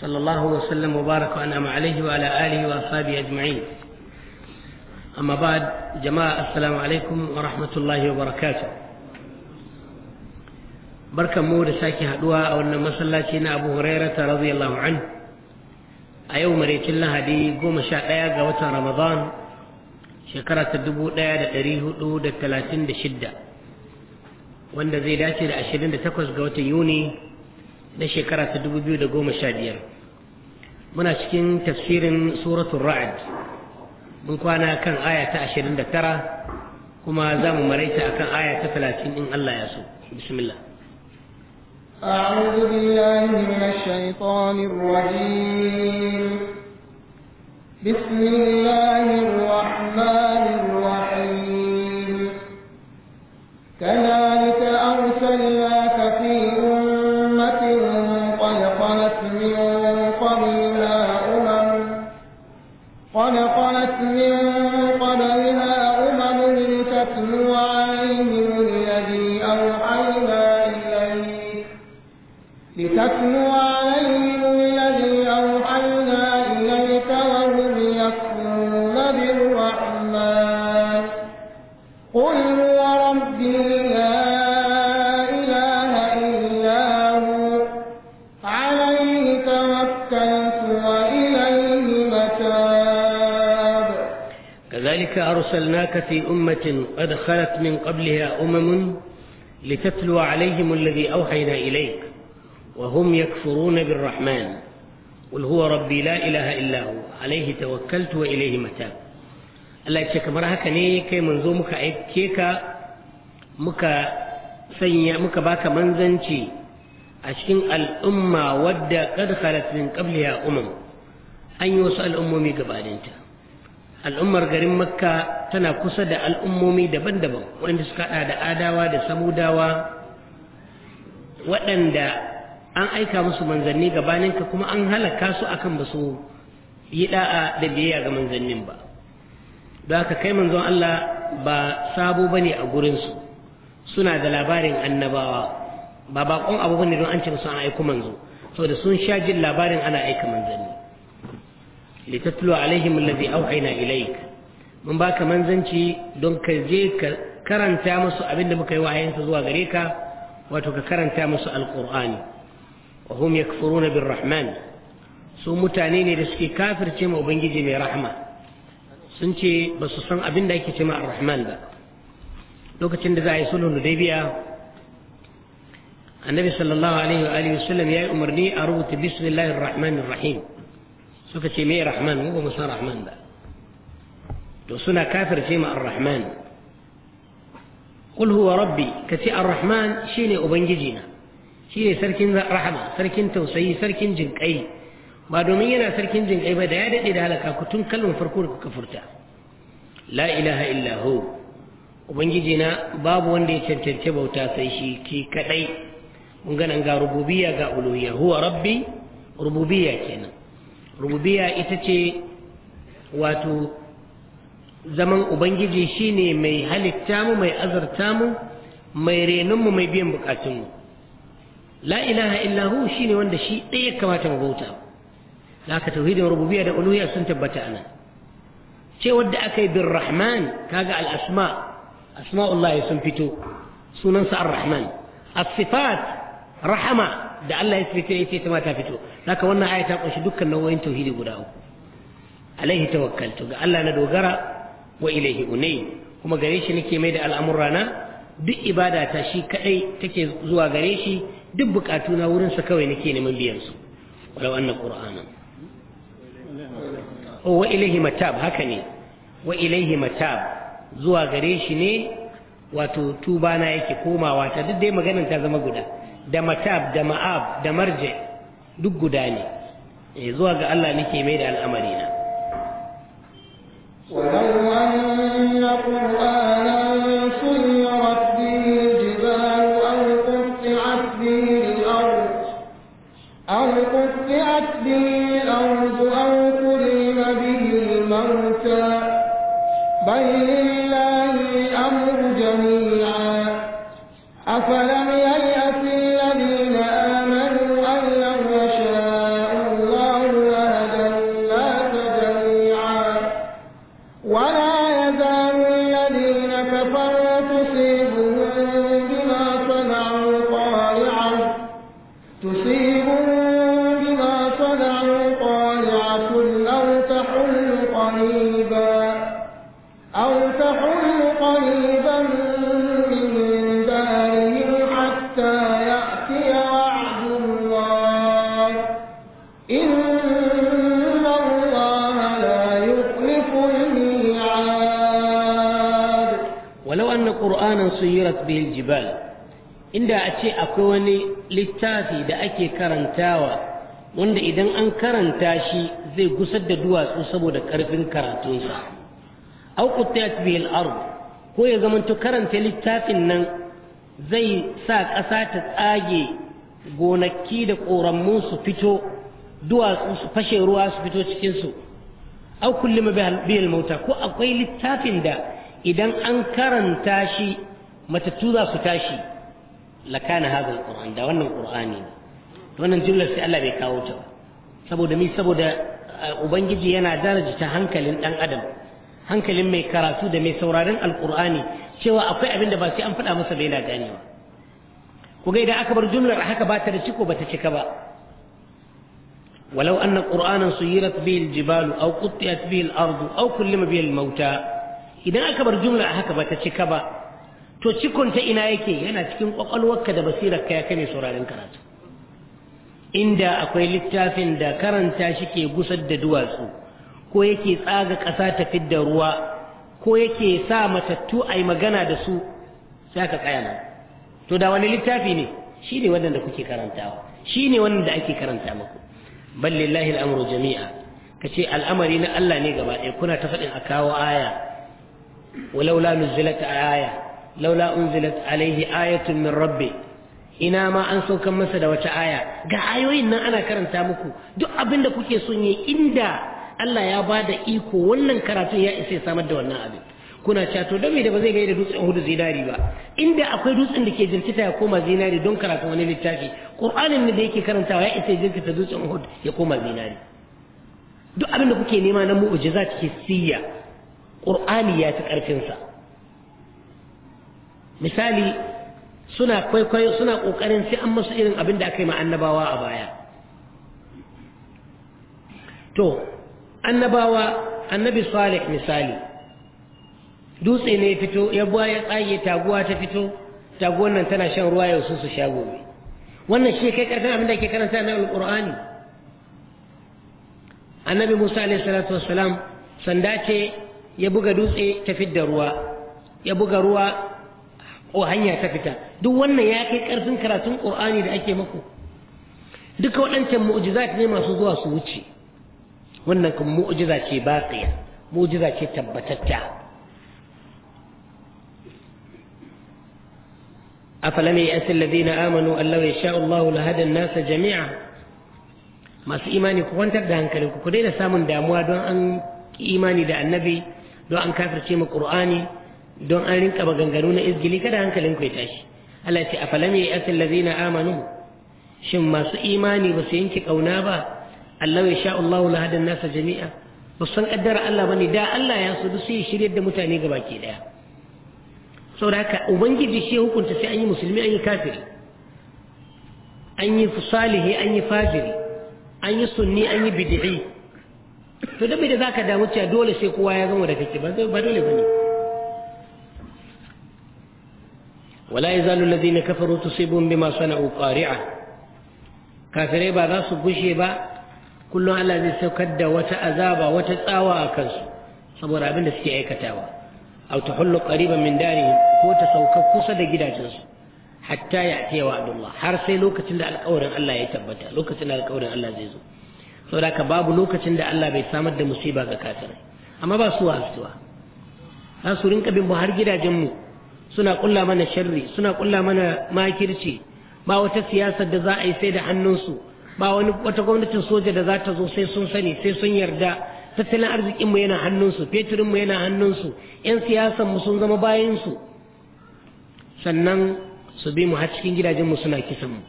صلى الله وسلم وبارك وانعم عليه وعلى اله واصحابه اجمعين. اما بعد جماعه السلام عليكم ورحمه الله وبركاته. بركه مور ساكي هدوى او ان مسلاتي ابو هريره رضي الله عنه. ايوم ريت الله دي قوم شاء رمضان shekara ta dubu ɗaya da ɗari hudu da talatin da shidda wanda zai dace da ashirin da takwas ga watan yuni na shekara ta dubu biyu da goma sha biyar muna cikin tafsirin suratun ra'ad mun kwana kan aya ta ashirin da tara kuma za mu maraita a kan aya ta talatin in Allah ya so bismillah أعوذ بالله من الشيطان الرجيم بسم الله الرحمن الرحيم كذلك أرسلنا أرسلناك في أمة قد خلت من قبلها أمم لتتلو عليهم الذي أوحينا إليك وهم يكفرون بالرحمن قل هو ربي لا إله إلا هو عليه توكلت وإليه متاب الله يتشك مرها كنيك منذ مكا إكيك مكا سيا مكا باك منزنشي أشين الأمة ود قد خلت من قبلها أمم أن يوصل أمومي قبالنتها al'ummar garin makka tana kusa da al'ummomi daban-daban waɗanda suka haɗa da adawa da samudawa waɗanda an aika musu manzanni gabaninka kuma an halaka su akan ba su yi da'a da biyayya ga manzannin ba don haka kai manzon Allah ba sabo ba ne a gurinsu suna da labarin annabawa ba bakon abu ne don an ce musu an aiko manzo saboda sun sha jin labarin ana aika manzanni litatlu alaihim allazi auhaina ilaik mun baka manzanci don ka je ka karanta musu abin da muka yi wahayinsa zuwa gare ka wato ka karanta musu alqur'ani wa hum yakfuruna birrahman su mutane ne da suke kafirce ma ubangiji mai rahma sun ce ba su san abin da ake ce ma arrahman ba lokacin da za a yi sulhun hudaybiya annabi sallallahu alaihi wa alihi wasallam ya yi umarni a rubuta bismillahir rahmanir rahim suka ce me rahman mu ba mu san rahman ba to suna kafirce ma ar-rahman qul huwa rabbi ce ar-rahman shine ubangiji na shine sarkin rahama sarkin tausayi sarkin jinkai ba domin yana sarkin jinkai ba da ya dade da halaka ku tun kalmar farko da kuka furta la ilaha illa hu ubangiji na babu wanda ya cancanci bauta sai shi ki kadai mun ga rububiya ga rububiyya ga uluhiyya huwa rabbi rububiyya kenan rububiya ita ce wato zaman ubangiji shine mai halitta mu mai azurta mu mai renon mu mai biyan bukatun mu la ilaha illahu shine wanda shi ɗaya kamata mu bauta haka tauhidin rububiya da uluhiyya sun tabbata anan ce wadda aka yi bin rahman kaga al-asma asma'ullahi sun fito sunansa ar-rahman as-sifat rahama da Allah ya fito ya ce ta ta fito haka wannan aya ta kunshi dukkan nau'o'in tauhidi guda uku alaihi tawakkaltu ga Allah na dogara wa ilaihi unai kuma gare shi nake mai da al'amurra na duk ibada ta shi kadai take zuwa gare shi duk bukatu na wurin sa kawai nake neman biyan su walau anna qur'ana oh, wa ilaihi matab haka ne wa ilaihi matab zuwa gare shi ne wato tuba na yake komawa ta duk dai maganar ta zama guda da matab da ma'ab da marje duk guda ne eh, zuwa ga Allah nake mai da al'amarina ولو فلا تصيبوا an suyirat bihil jibal inda a ce akwai wani littafi da ake karantawa wanda idan an karanta shi zai gusar da duwatsu saboda karfin karatunsa au qutiyat bihil ard ko ya zamanto karanta littafin nan zai sa ƙasa ta tsage gonaki da ƙoramu su fito duwatsu su fashe ruwa su fito cikinsu au kullum bihil mauta ko akwai littafin da idan an karanta shi matattu za su tashi lakana hadha alquran da wannan qur'ani wannan jumlar sai Allah bai kawo ta saboda mi saboda ubangiji yana daraja ta hankalin dan adam hankalin mai karatu da mai sauraron alqur'ani cewa akwai abin da ba sai an fada masa bai na ganewa ku ga idan aka bar jumlar haka ba ta da ciko ba ta cika ba ولو أن قرآنا سيرت به الجبال أو قطعت به الأرض أو كلم به الموتى إذا أكبر جملة هكذا تشكبا to cikon ta ina yake yana cikin kwakwalwarka da basirar ya kame sauraren karatu inda akwai littafin da karanta shi ke gusar da duwatsu ko yake tsaga ƙasa ta fidda ruwa ko yake sa matattu a yi magana da su sai aka tsaya nan to da wani littafi ne shi ne wannan da kuke karantawa shi ne wannan da ake karanta muku ballillahi al'amuru jami'a ka ce al'amari na Allah ne gaba ɗaya kuna ta faɗin a kawo aya walaula nuzilat aya laula unzilat alaihi ayatun min rabbi ina ma an saukan masa da wata aya ga ayoyin nan ana karanta muku duk abin da kuke son yi inda Allah ya ba da iko wannan karatun ya isa samar da wannan abin kuna cewa to don me da ba zai gaida dutsen hudu zinari ba inda akwai dutsen da ke jirkita ya koma zinari don karatun wani littafi qur'anin ne da yake karantawa ya isa jirkita dutsen hudu ya koma zinari duk abin da kuke nema na mu'jizat siyya qur'ani ya fi karfin sa misali suna kwaikwayo suna kokarin sai an musu irin abin da aka yi ma annabawa a baya to annabawa annabi salih misali dutse ne fito ya buwa ya tsage taguwa ta fito taguwan nan tana shan ruwa yau su sha gobe wannan shi kai karfin abin da ke karanta na alqur'ani annabi musa alaihi salatu wassalam sanda ce ya buga dutse ta fidda ruwa ya buga ruwa o hanya ta fita duk wannan ya kai karfin karatun qur'ani da ake maku duka waɗancan mu'jizat ne masu zuwa su wuce wannan kuma mu'jiza ce baqiya mu'jiza ce tabbatatta afalam ya'ti alladhina amanu an law yasha'u Allahu lahada an-nasa jami'a masu imani ku kwantar da hankali ku daina samun damuwa don an imani da annabi don an kafirce mu qur'ani don an rinka maganganu na izgili kada hankalin ku ya tashi Allah ya ce a falam ya asil ladina amanu shin masu imani ba su yanke kauna ba Allah ya sha Allah la hadan nasa jami'a ba san kaddara Allah bane da Allah ya so su yi shiryar da mutane gaba ke daya saboda haka ubangiji shi hukunta sai an yi musulmi an yi kafiri an yi salihi an yi fajiri an yi sunni an yi bid'i to da bai da zaka damu cewa dole sai kowa ya zama da kake ba ba dole bane wala na yazalu alladhina kafaru tusibun bima sana'u qari'a kafirai ba za su bushe ba kullum Allah zai saukar da wata azaba wata tsawa a kansu saboda abin da suke aikatawa aw tahullu qariban min darihim ko ta sauka kusa da gidajensu hatta ya ce wa Abdullah har sai lokacin da alƙawarin Allah ya tabbata lokacin da alƙawarin Allah zai zo saboda ka babu lokacin da Allah bai samar da musiba ga kafirai amma ba su wasuwa za su rinka bin har gidajenmu suna kulla mana sharri suna kulla mana makirci ba wata siyasar da za a yi sai da hannunsu ba wani wata gwamnatin soja da za ta zo sai sun sani sai sun yarda tattalin arzikin mu yana hannunsu fetirin mu yana hannunsu yan siyasar mu sun zama bayan sannan su bi mu har cikin gidajen mu suna kisan mu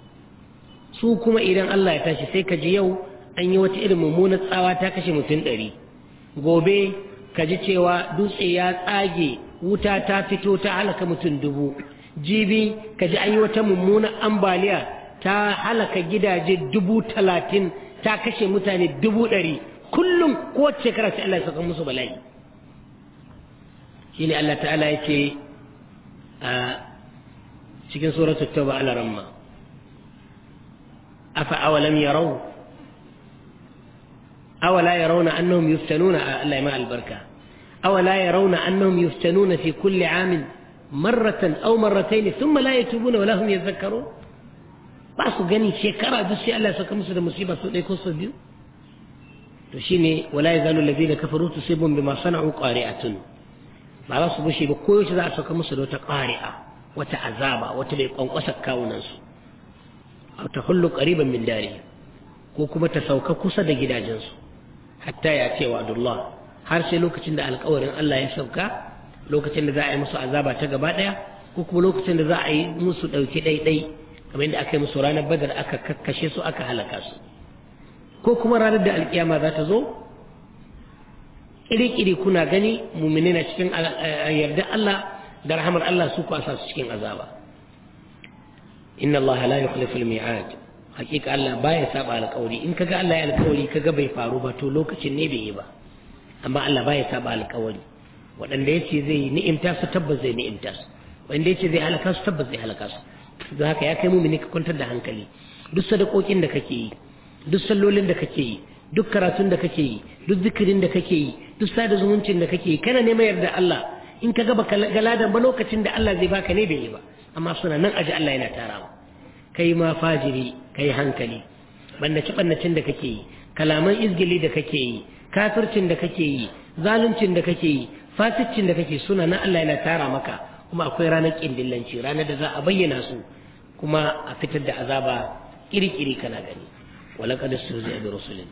su kuma idan Allah ya tashi sai ka ji yau an yi wata irin mummunar tsawa ta kashe mutum ɗari gobe ka ji cewa dutse ya tsage wuta ta fito ta halaka mutum dubu jibi ka ji an yi wata mummunan ambaliya ta halaka gidaje dubu talatin ta kashe mutane dubu ɗari kullum kowace shekara sai Allah ya saka musu bala'i ne Allah ta'ala yake a cikin suratul tauba ala ramma afa awalam yarau awala yarawna annahum yuftanuna Allah ya ma albarka أولا يرون أنهم يفتنون في كل عام مرة أو مرتين ثم لا يتوبون ولا هم يذكرون ba su gani shekara duk sai Allah ya saka musu da musiba su ɗaya ko su biyu to shine wala ya yazalu alladhina kafaru tusibun bima sana'u qari'atun ba za su bushe ba koyaushe za a saka musu da wata qari'a wata azaba wata mai kwankwasa kawunan su aw tahullu qariban min dari ko kuma ta sauka kusa da gidajensu hatta ya ce wa Abdullah har sai lokacin da alkawarin Allah ya sauka lokacin da za a yi musu azaba ta gaba ɗaya ko kuma lokacin da za a yi musu ɗauki ɗaiɗai kamar yadda aka yi musu ranar badar aka kakkashe su aka halaka su ko kuma ranar da alkiyama za ta zo ƙiriƙiri kuna gani mumini na cikin eh, yarda Allah da rahamar Allah su kwasa su cikin azaba inna Allah la yukhlifu al-mi'ad hakika Allah baya saba alƙawari in kaga Allah ya alƙawari kaga bai faru ba to lokacin ne bai yi ba amma Allah baya saba alƙawari waɗanda ya ce zai ni'imta su tabbas zai ni'imta su waɗanda ya ce zai halaka su tabbas zai halaka su don haka ya kai mumini ka kwantar da hankali duk sadakokin da kake yi duk sallolin da kake yi duk karatun da kake yi duk zikirin da kake yi duk sada zumuncin da kake yi kana neman yarda Allah in ka gaba galadan ba lokacin da Allah zai baka ne bai yi ba amma suna nan aji Allah yana tarawa kai ma fajiri kai hankali bannace bannacin da kake yi kalaman izgili da kake yi kafircin da kake yi zaluncin da kake yi faticin da kake suna na Allah yana tara maka kuma akwai ranar kindillanci ranar da za a bayyana su kuma a fitar da azaba kirkiri kana gani walaqad istuzia bi rusulin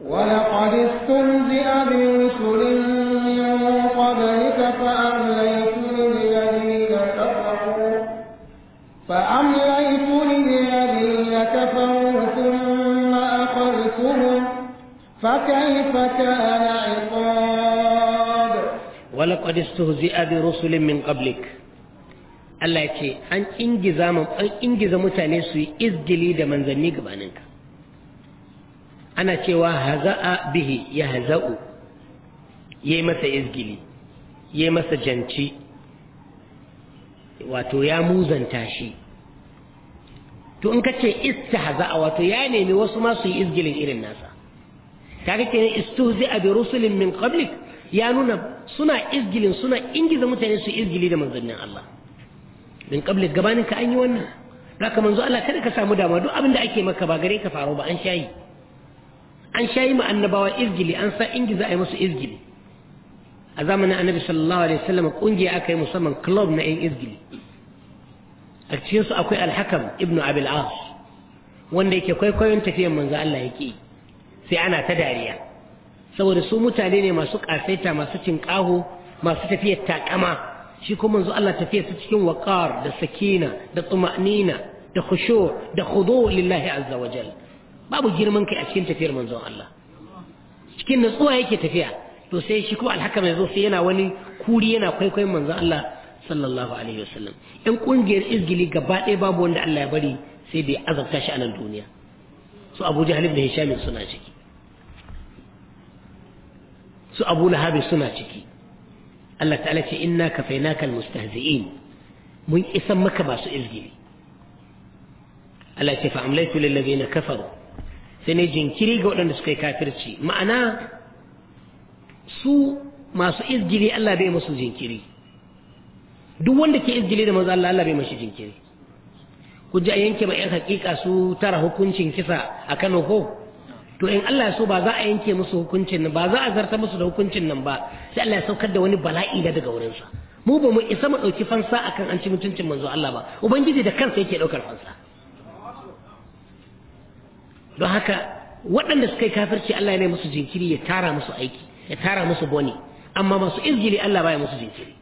ولقد استهزئ برسل من قبلك فأمليت للذين كفروا فأمليت للذين كفروا فكيف كان عقاب ولقد استهزئ برسل من قبلك Allah ya ce an ingiza an ingiza mutane su yi izgili da manzanni gabaninka ana cewa haza'a bihi ya haza'u ya yi masa izgili ya yi masa janci wato ya muzanta shi to in ka ce istahza'a wato ya nemi wasu ma su yi izgilin irin nasa kaga kenan istuhzi'a bi rusulin min qablik ya nuna suna izgilin suna ingiza mutane su izgili da manzannin Allah min qablik gabanin ka an yi wannan haka manzo Allah kada ka samu dama duk abin da ake maka ba gare ka faru ba an shayi an shayi ma annabawa izgili an sa ingiza a yi musu izgili a zamanin annabi sallallahu alaihi wasallam kungiya aka yi musamman club na 'yan izgili a cikinsu akwai alhakam ibnu abil as wanda yake kwaikwayon tafiyan manzo Allah yake yi sai ana ta dariya saboda su mutane ne masu ƙasaita masu cinƙaho masu tafiyar takama shi kuma manzo Allah tafiyar su cikin waƙar da sakina da tsuma'nina da kusho da khudu lillahi azza wa jal babu girman kai a cikin tafiyar manzo Allah cikin natsuwa yake tafiya to sai shi kuma alhaka mai zo sai yana wani kuri yana kwaikwayon manzo Allah sallallahu alaihi wasallam ɗan ƙungiyar izgili gaba ɗaya babu wanda Allah ya bari sai da azabta shi a nan duniya su Abu Jahl da Hisham suna ciki su abu lahabi suna ciki Allah ta'ala ce inna kafainaka almustahzi'in mun isan maka masu izgili Allah ce fa amlaitu lil ladina kafaru sai ne jinkiri ga waɗanda suka yi kafirci ma'ana su masu izgili Allah bai musu jinkiri duk wanda ke izgili da manzo Allah Allah bai mashi jinkiri ku ji a yanke ba yan hakika su tara hukuncin kisa a Kano ko to in Allah ya so ba za a yanke musu hukuncin nan ba za a zarta musu da hukuncin nan ba sai Allah ya saukar da wani bala'i da daga wurinsa mu ba mu isa mu ɗauki fansa akan an ci mutuncin manzo Allah ba ubangiji da kansa yake ɗaukar fansa don haka waɗanda suka yi kafirci Allah ya musu jinkiri ya tara musu aiki ya tara musu boni amma masu izgili Allah baya musu jinkiri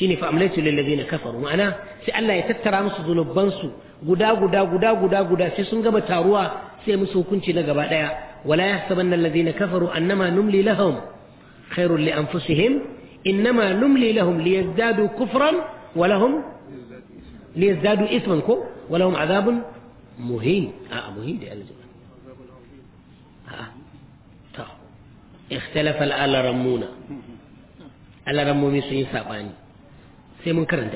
shine fa amlaitu lil ladina kafaru ma'ana sai Allah ya tattara musu zunubansu guda guda guda guda guda sai sun gaba taruwa sai musu hukunci na gaba daya ولا يحسبن الذين كفروا أنما نملي لهم خير لأنفسهم إنما نملي لهم ليزدادوا كفرا ولهم ليزدادوا إثما ولهم عذاب مهين آه, آه، مهين آه. آه. اختلف الآل رمونا رمو من سنين سابعني سيمون كرن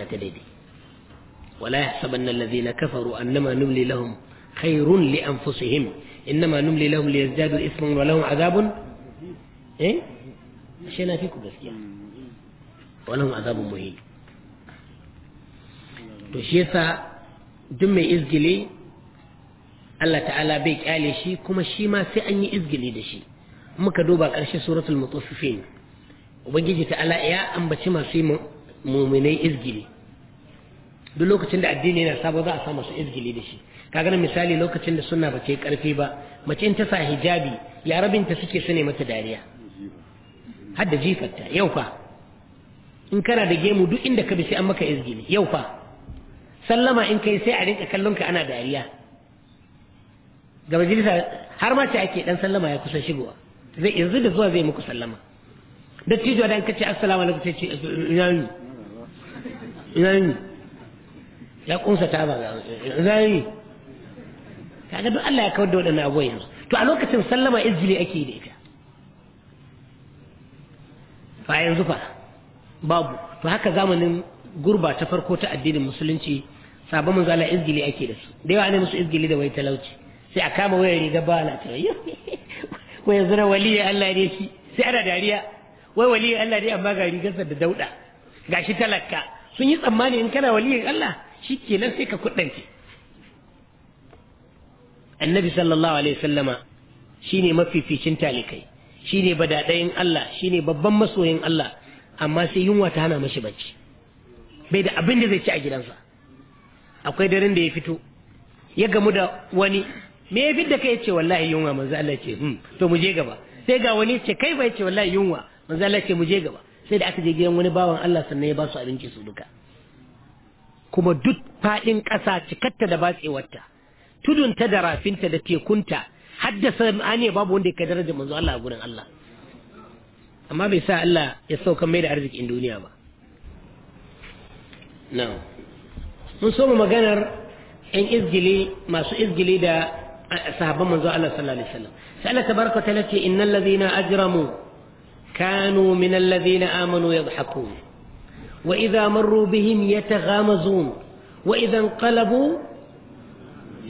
ولا يحسبن الذين كفروا أنما نملي لهم خير لأنفسهم إنما نملي لهم ليزدادوا إثما ولهم عذاب إيه؟ عشان فيكم بس يعني ولهم عذاب مهين تشيسا دم إزجلي الله تعالى بيك آلي شي كما شي ما سأني إزجلي ده شي أما كدوبا قرشي سورة المطففين وبنجي تعالى يا أم بشما سي مؤمني إزجلي دلوك تند الدين هنا سابو ذا أسامش إزجلي ده شي kaga nan misali lokacin da suna ba ce karfi ba mace in ta sa hijabi yarabinta suke su ne mata dariya har da jifarta yau fa in kana da gemu duk inda ka bi sai an maka izgili yau fa sallama in kai sai a rinka kallon ka ana dariya ga majalisa har ma ce ake dan sallama ya kusa shigowa zai yanzu da zuwa zai muku sallama dattijo da in kace assalamu alaikum sai ce ina yi ina yi ya kunsa ta ba ina yi kaga duk Allah ya kawar da waɗannan abubuwan yanzu to a lokacin sallama izgili ake da ita fa yanzu fa babu to haka zamanin gurba ta farko ta addinin musulunci sabon manzala izgili ake da su da yawa ne musu izgili da wai talauci sai a kama wayar riga ba na ta yi wai yanzu na waliya Allah ne shi sai ana dariya wai waliya Allah ne amma ga rigarsa da dauda gashi talakka sun yi tsammani in kana waliyin Allah shi kenan sai ka kuɗance annabi sallallahu alaihi sallama shine mafificin talikai shine badadayin Allah shine babban masoyin Allah amma sai yunwa ta hana mashi bacci bai da abin da zai ci a gidansa akwai daren da ya fito ya gamu da wani me ya fidda kai yace wallahi yunwa manzo Allah ce hmm to mu je gaba sai ga wani ce kai bai yace wallahi yunwa manzo Allah ce mu je gaba sai da aka je gidan wani bawan Allah sannan ya ba su abinci su duka kuma duk fadin ƙasa cikatta da batsewarta tudun ta da rafinta da tekunta haddasa ne babu wanda ya daraja manzo Allah a gurin Allah amma bai sa Allah ya sauka mai da arzikin duniya ba na mun so mu maganar yan izgili masu izgili da sahabban manzo Allah sallallahu alaihi wasallam sai Allah tabaraka ta lace innal ladina ajramu kanu min alladhina amanu yadhhakun wa idha marru bihim yataghamazun wa idha inqalabu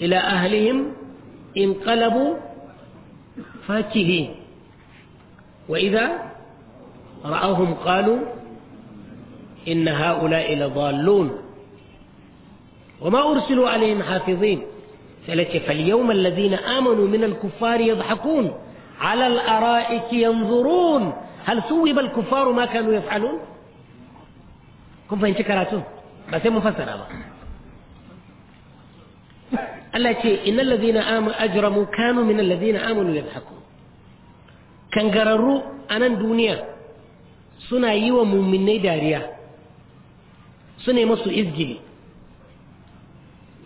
إلى أهلهم انقلبوا فاكهين وإذا رأوهم قالوا إن هؤلاء لضالون وما أرسلوا عليهم حافظين فلك فاليوم الذين آمنوا من الكفار يضحكون على الأرائك ينظرون هل ثوب الكفار ما كانوا يفعلون كن فإن شكراتهم بس مفسر بقى Allah ce innal kanu min kangararru a nan duniya suna yi wa muminai dariya su ne masu izgili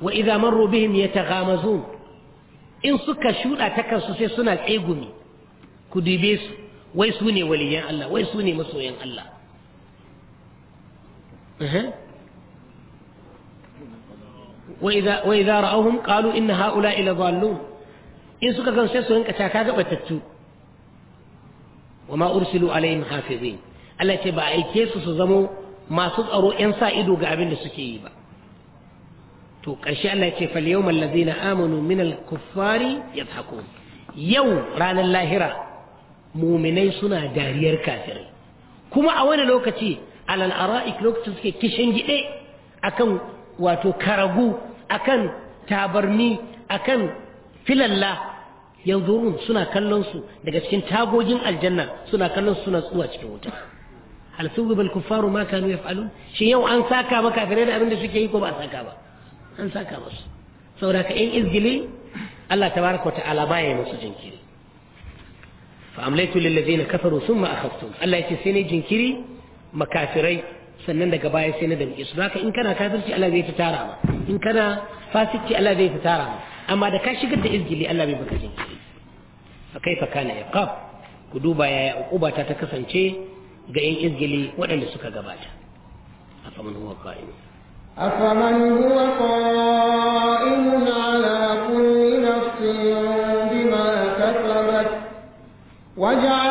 wa izaman marru bihim in suka shuɗa ta kansu sai suna tsegumi ku dibe su wai su ne waliyan Allah wai su ne masoyan Allah وإذا, وإذا رأوهم قالوا إن هؤلاء لضالون إن سكا كان سيسو إنك تاكاكا بتتو وما أرسلوا عليهم حافظين Allah ce ba a aike su su zamo masu tsaro 'yan sa ido ga abin da suke yi ba to ƙarshe Allah ce fal yau mallazina amanu min al-kuffari yadhakun yau ranar lahira muminai suna dariyar kafirai kuma a wani lokaci alal ara'ik lokacin suke kishin gide akan wato karagu akan tabarni akan filalla yanzu suna kallon su daga cikin tagogin aljanna suna kallon su suna tsuwa cikin wuta hal subal kuffaru ma kanu yaf'alun shi yau an saka ba kafirai da abin da suke yi ko ba saka ba an saka musu saboda ka in izgili Allah tabaraka ta'ala ba baya musu jinkiri fa amlaytu lil ladina kafaru thumma akhadtum Allah yace sai ne jinkiri makafirai sannan daga baya sai na damƙe su haka in kana kafirci Allah zai ta tara ma in kana fasikci Allah zai ta tara ma amma da ka shigar da izgili Allah bai baka kai fa kaifa kana iqab ku duba yaya uquba ta ta kasance ga yan izgili waɗanda suka gabata man huwa qa'im man huwa qa'im ala kulli nafsin bima kasabat waja'al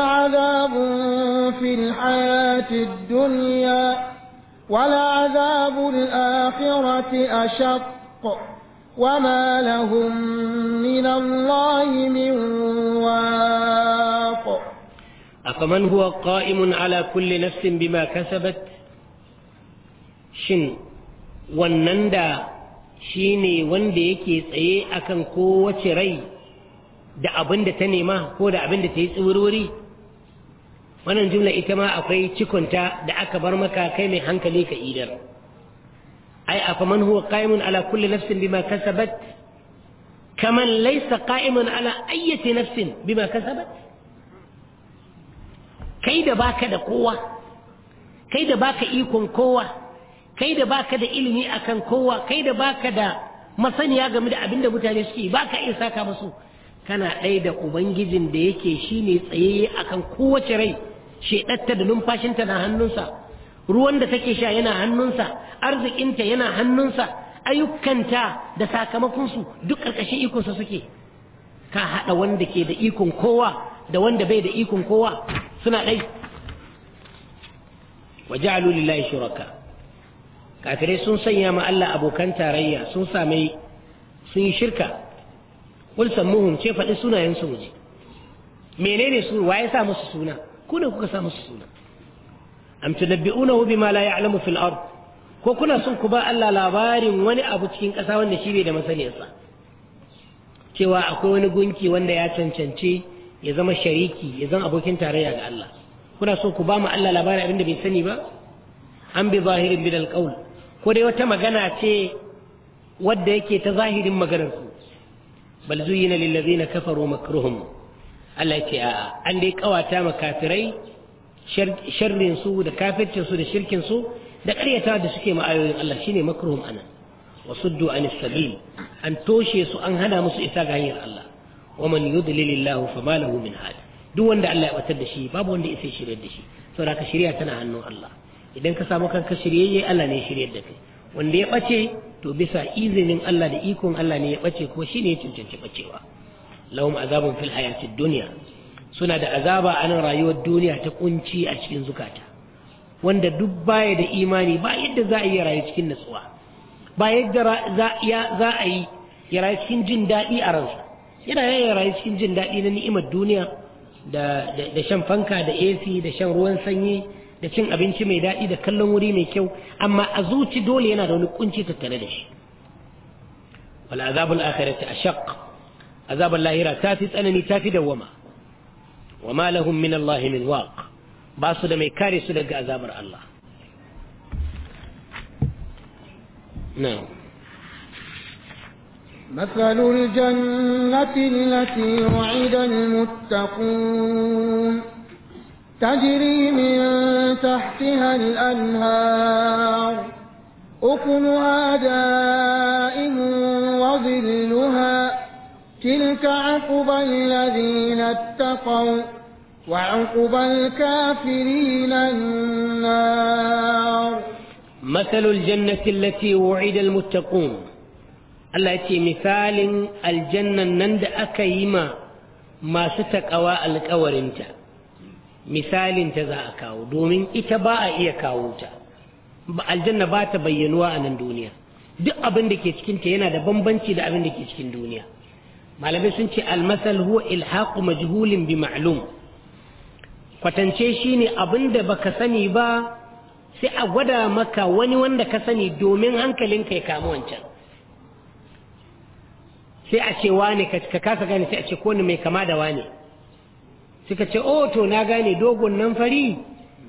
عذاب في الحياة الدنيا ولعذاب الآخرة أشق وما لهم من الله من واق أفمن هو قائم على كل نفس بما كسبت شن ونندا شيني ونديكي سي أكن قوة ري دا abin da هو دا ko da abin wannan jumla ita ma akwai cikonta da aka bar maka kai mai hankali ka idar ai afa man huwa qa'imun ala kulli nafsin bima kasabat kaman laysa qa'imun ala ayyati nafsin bima kasabat kai da baka da kowa kai da baka ikon kowa kai da baka da ilimi akan kowa kai da baka da masaniya game da abinda mutane suke baka iya saka musu kana ɗaya da ubangijin da yake shine tsayayye akan kowace rai Sheɗatta da numfashinta na hannunsa ruwan da take sha yana hannunsa arzikinta yana hannunsa ayyukanta da sakamakonsu duk ƙarƙashin ikonsa suke ka haɗa wanda ke da ikon kowa da wanda bai da ikon kowa suna ɗai wa ja'alu lillahi shuraka kafirai sun sanya ma Allah abokan tarayya sun same sun yi shirka qul sammuhum ce faɗi sunayen su waje menene su waye sa musu suna ku ne kuka sa musu suna am tunabbi'unahu bima la ya'lamu fil ard ko kuna son ku ba Allah labarin wani abu cikin ƙasa wanda shi bai da masaniyarsa cewa akwai wani gunki wanda ya cancanci ya zama shariki ya zama abokin tarayya ga Allah kuna so ku ba mu Allah labarin abin da bai sani ba an bi zahirin bidal qaul ko dai wata magana ce wadda yake ta zahirin maganar ku bal zuyina lil ladina kafaru makruhum Allah ce a an dai kawata ma kafirai sharrin su da kafircin su da shirkin su da ƙaryata da suke ma Allah shine makruhum anan wa suddu an sabil an toshe su an hana musu isa ga hanyar Allah wa man yudlilillahu fama lahu min hadi duk wanda Allah ya batar da shi babu wanda ya shirya da shi saboda ka shirya tana hannun Allah idan ka samu kanka shiryayye Allah ne ya da kai wanda ya bace to bisa izinin Allah da ikon Allah ne ya bace kuma shine ya cancanci bacewa lahum azabun fil hayatid dunya suna da azaba a nan rayuwar duniya ta kunci a cikin zukata wanda duk baya da imani ba yadda za a yi rayu cikin natsuwa ba yadda za a yi ya rayu cikin jin daɗi a ransa yana ya rayu cikin jin daɗi na ni'imar duniya da shan fanka da AC da shan ruwan sanyi da cin abinci mai daɗi da kallon wuri mai kyau amma a zuci dole yana da wani kunci tattare da shi wal azabul akhirati ashaq عذاب الله إلى تاتي أنني تاتي دوما وما لهم من الله من واق باصد ما يكاري سلق عذاب الله نعم مثل الجنة التي وعد المتقون تجري من تحتها الأنهار أكلها دائم وظلها تلك عقبى الذين اتقوا وعقبى الكافرين النار مثل الجنة التي وعد المتقون التي مثال الجنة نند أكيما ما ستك ستقوى انت مثال تزا أكاو دومين إتباء كاوتا الجنة بات بينواء عن الدنيا duk abin da تينا cikinta yana da bambanci da دنيا malamai sun ce almasal huwa ilhaqu majhulin bi ma'lum kwatance shine abinda baka sani ba sai a gwada maka wani wanda ka sani domin hankalinka ya kamu wancan sai a ce wane ka kasa gane sai a ce kone mai kama da wane suka ce oh to na gane dogon nan fari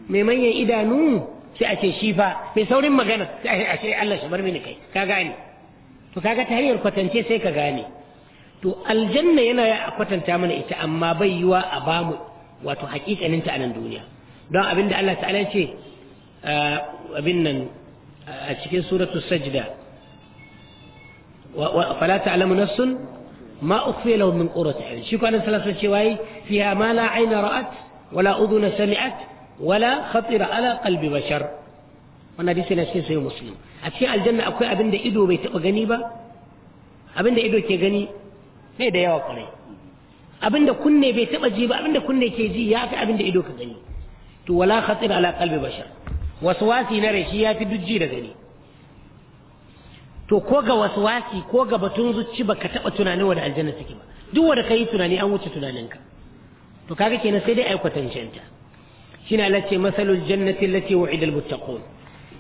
mai manyan idanu sai a ce shi fa mai saurin magana sai a ce Allah shi bar mini kai ka gane to kaga ta hanyar kwatance sai ka gane to aljanna yana ya a kwatanta mana ita amma bai yiwa a bamu wato hakikanin ta a nan duniya don abin da Allah ta'ala ce abin nan a cikin suratul sajda fala ta'lamu nafsun ma ukhfiya lahum min qurrati ayun shi kwanan salatu ce wai fiha ma la aina ra'at wala udhuna sami'at wala khatira ala qalbi bashar wannan hadisi na cikin sahih muslim a cikin aljanna akwai abin da ido bai taba gani ba abin da ido ke gani Sai da yawa kwarai abinda kunne bai taba ji ba abinda kunne ke ji ya fi abinda ido ka gani to wala khatir ala qalbi bashar waswasi na rashi ya fi dujji da gani to ko ga waswasi ko ga batun zuci baka taba tunanin wani aljanna take ba duk wanda kai tunani an wuce tunaninka to kaga kenan sai dai ai Shina shine Allah ce masalul jannati allati wu'ida almuttaqun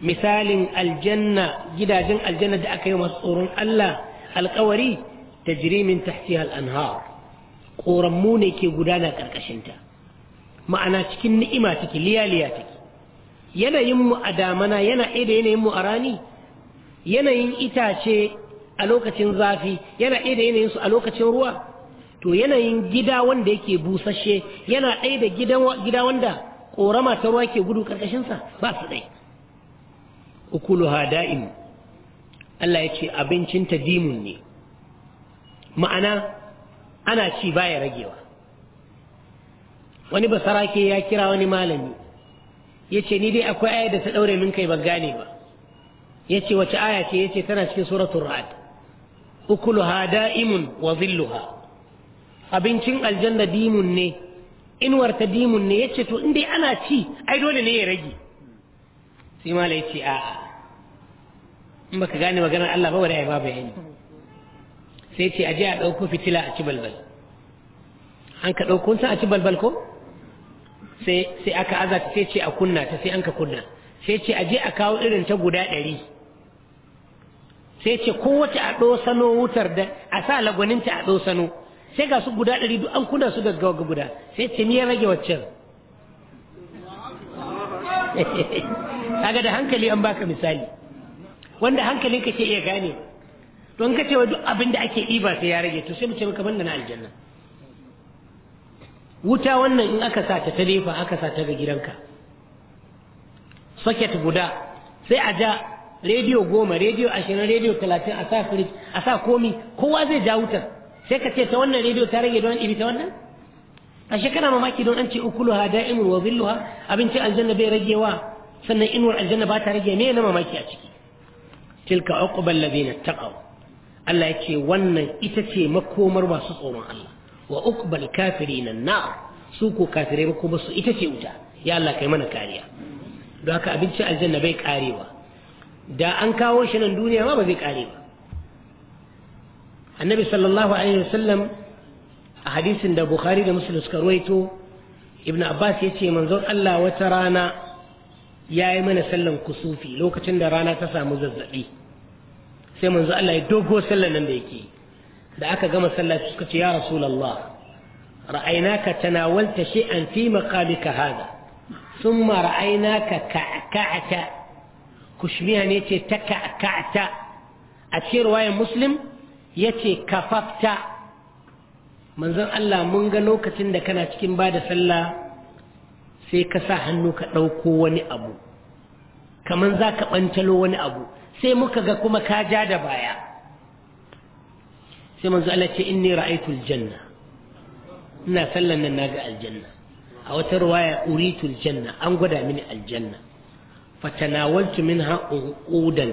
misalin aljanna gidajen aljanna da aka yi masu tsoron Allah alƙawari تجري من تحتها الأنهار ƙorammu ne ke gudana ƙarƙashinta ma'ana cikin ni'ima take liyaliya take yanayinmu a damana yana ɗaya da yanayinmu a rani yanayin itace a lokacin zafi yana ɗaya da yanayinsu a lokacin ruwa to yanayin gida wanda yake busashe yana ɗaya da gida wanda ƙorama ta ruwa ke gudu ƙarƙashinsa ba su ɗaya ukuluha da'im Allah ya ce abincinta dimun ne ma'ana ana ci baya ragewa wani basarake ya kira wani malami ya ce ni dai akwai aya da ta ɗaure min kai ba gane ba ya ce wace aya ce ya ce tana cikin suratun ra'ad ukuluha da'imun wa zilluha abincin aljanna dimun ne inuwar ta dimun ne ya ce to inda ana ci ai dole ne ya rage sai ya ce a'a in baka gane maganar Allah ba wani yi ba bayani sai ce aje a ɗauko fitila a ci balbal an ka ɗauko sun a ci balbal ko sai aka aza ta sai ce a kunna ta sai an ka kunna sai ce aje a kawo irin ta guda ɗari sai ce kowace a ɗo sano wutar da a sa lagwaninta a ɗo sano, sai ga su guda ɗari duk an kunna su gaggawa guda sai ce ni ya rage waccan kaga da hankali an baka misali wanda hankalinka ke iya gane don ka cewa duk abin da ake ɗiba sai ya rage to sai mu ce maka banda na aljanna wuta wannan in aka sa ta ta lefa aka sa ta ga gidanka socket guda sai a ja rediyo goma rediyo ashirin rediyo talatin a sa firij a sa komi kowa zai ja wutar sai ka ce ta wannan rediyo ta rage don ibi ta wannan a shekara mamaki don an ce ukuluha da'imun wa zilluha abincin aljanna bai ragewa sannan inuwar aljanna ba ta rage ne? na mamaki a ciki tilka uqbal ladina taqaw Allah ya ce wannan ita ce makomar masu tsoron Allah wa uqbal kafirina na su ko kafirai kuma su ita ce wuta ya Allah kai mana kariya don haka abinci aljanna bai karewa da an kawo shi nan duniya ma ba zai kare ba annabi sallallahu alaihi wasallam a hadisin da bukhari da muslim suka ruwaito ibn abbas ya ce manzon allah wata rana ya yi mana sallan kusufi lokacin da rana ta samu zazzabi sai manzo Allah ya dogo sallar nan da yake da aka gama sallah suka ce ya rasulullah ra'aynaka tanawalta shay'an fi maqamika hada thumma ra'aynaka ka'ata kushmiya ne ce ta a cikin riwayar muslim yace kafafta manzon Allah mun ga lokacin da kana cikin bada sallah sai ka sa hannu ka ɗauko wani abu kaman za ka ɓantalo wani abu sai muka ga kuma ka ja da baya sai manzo Allah ce inni ra'aytul janna ina sallan nan naga aljanna a wata ruwaya uritul janna an gwada mini aljanna fatanawaltu minha uqudan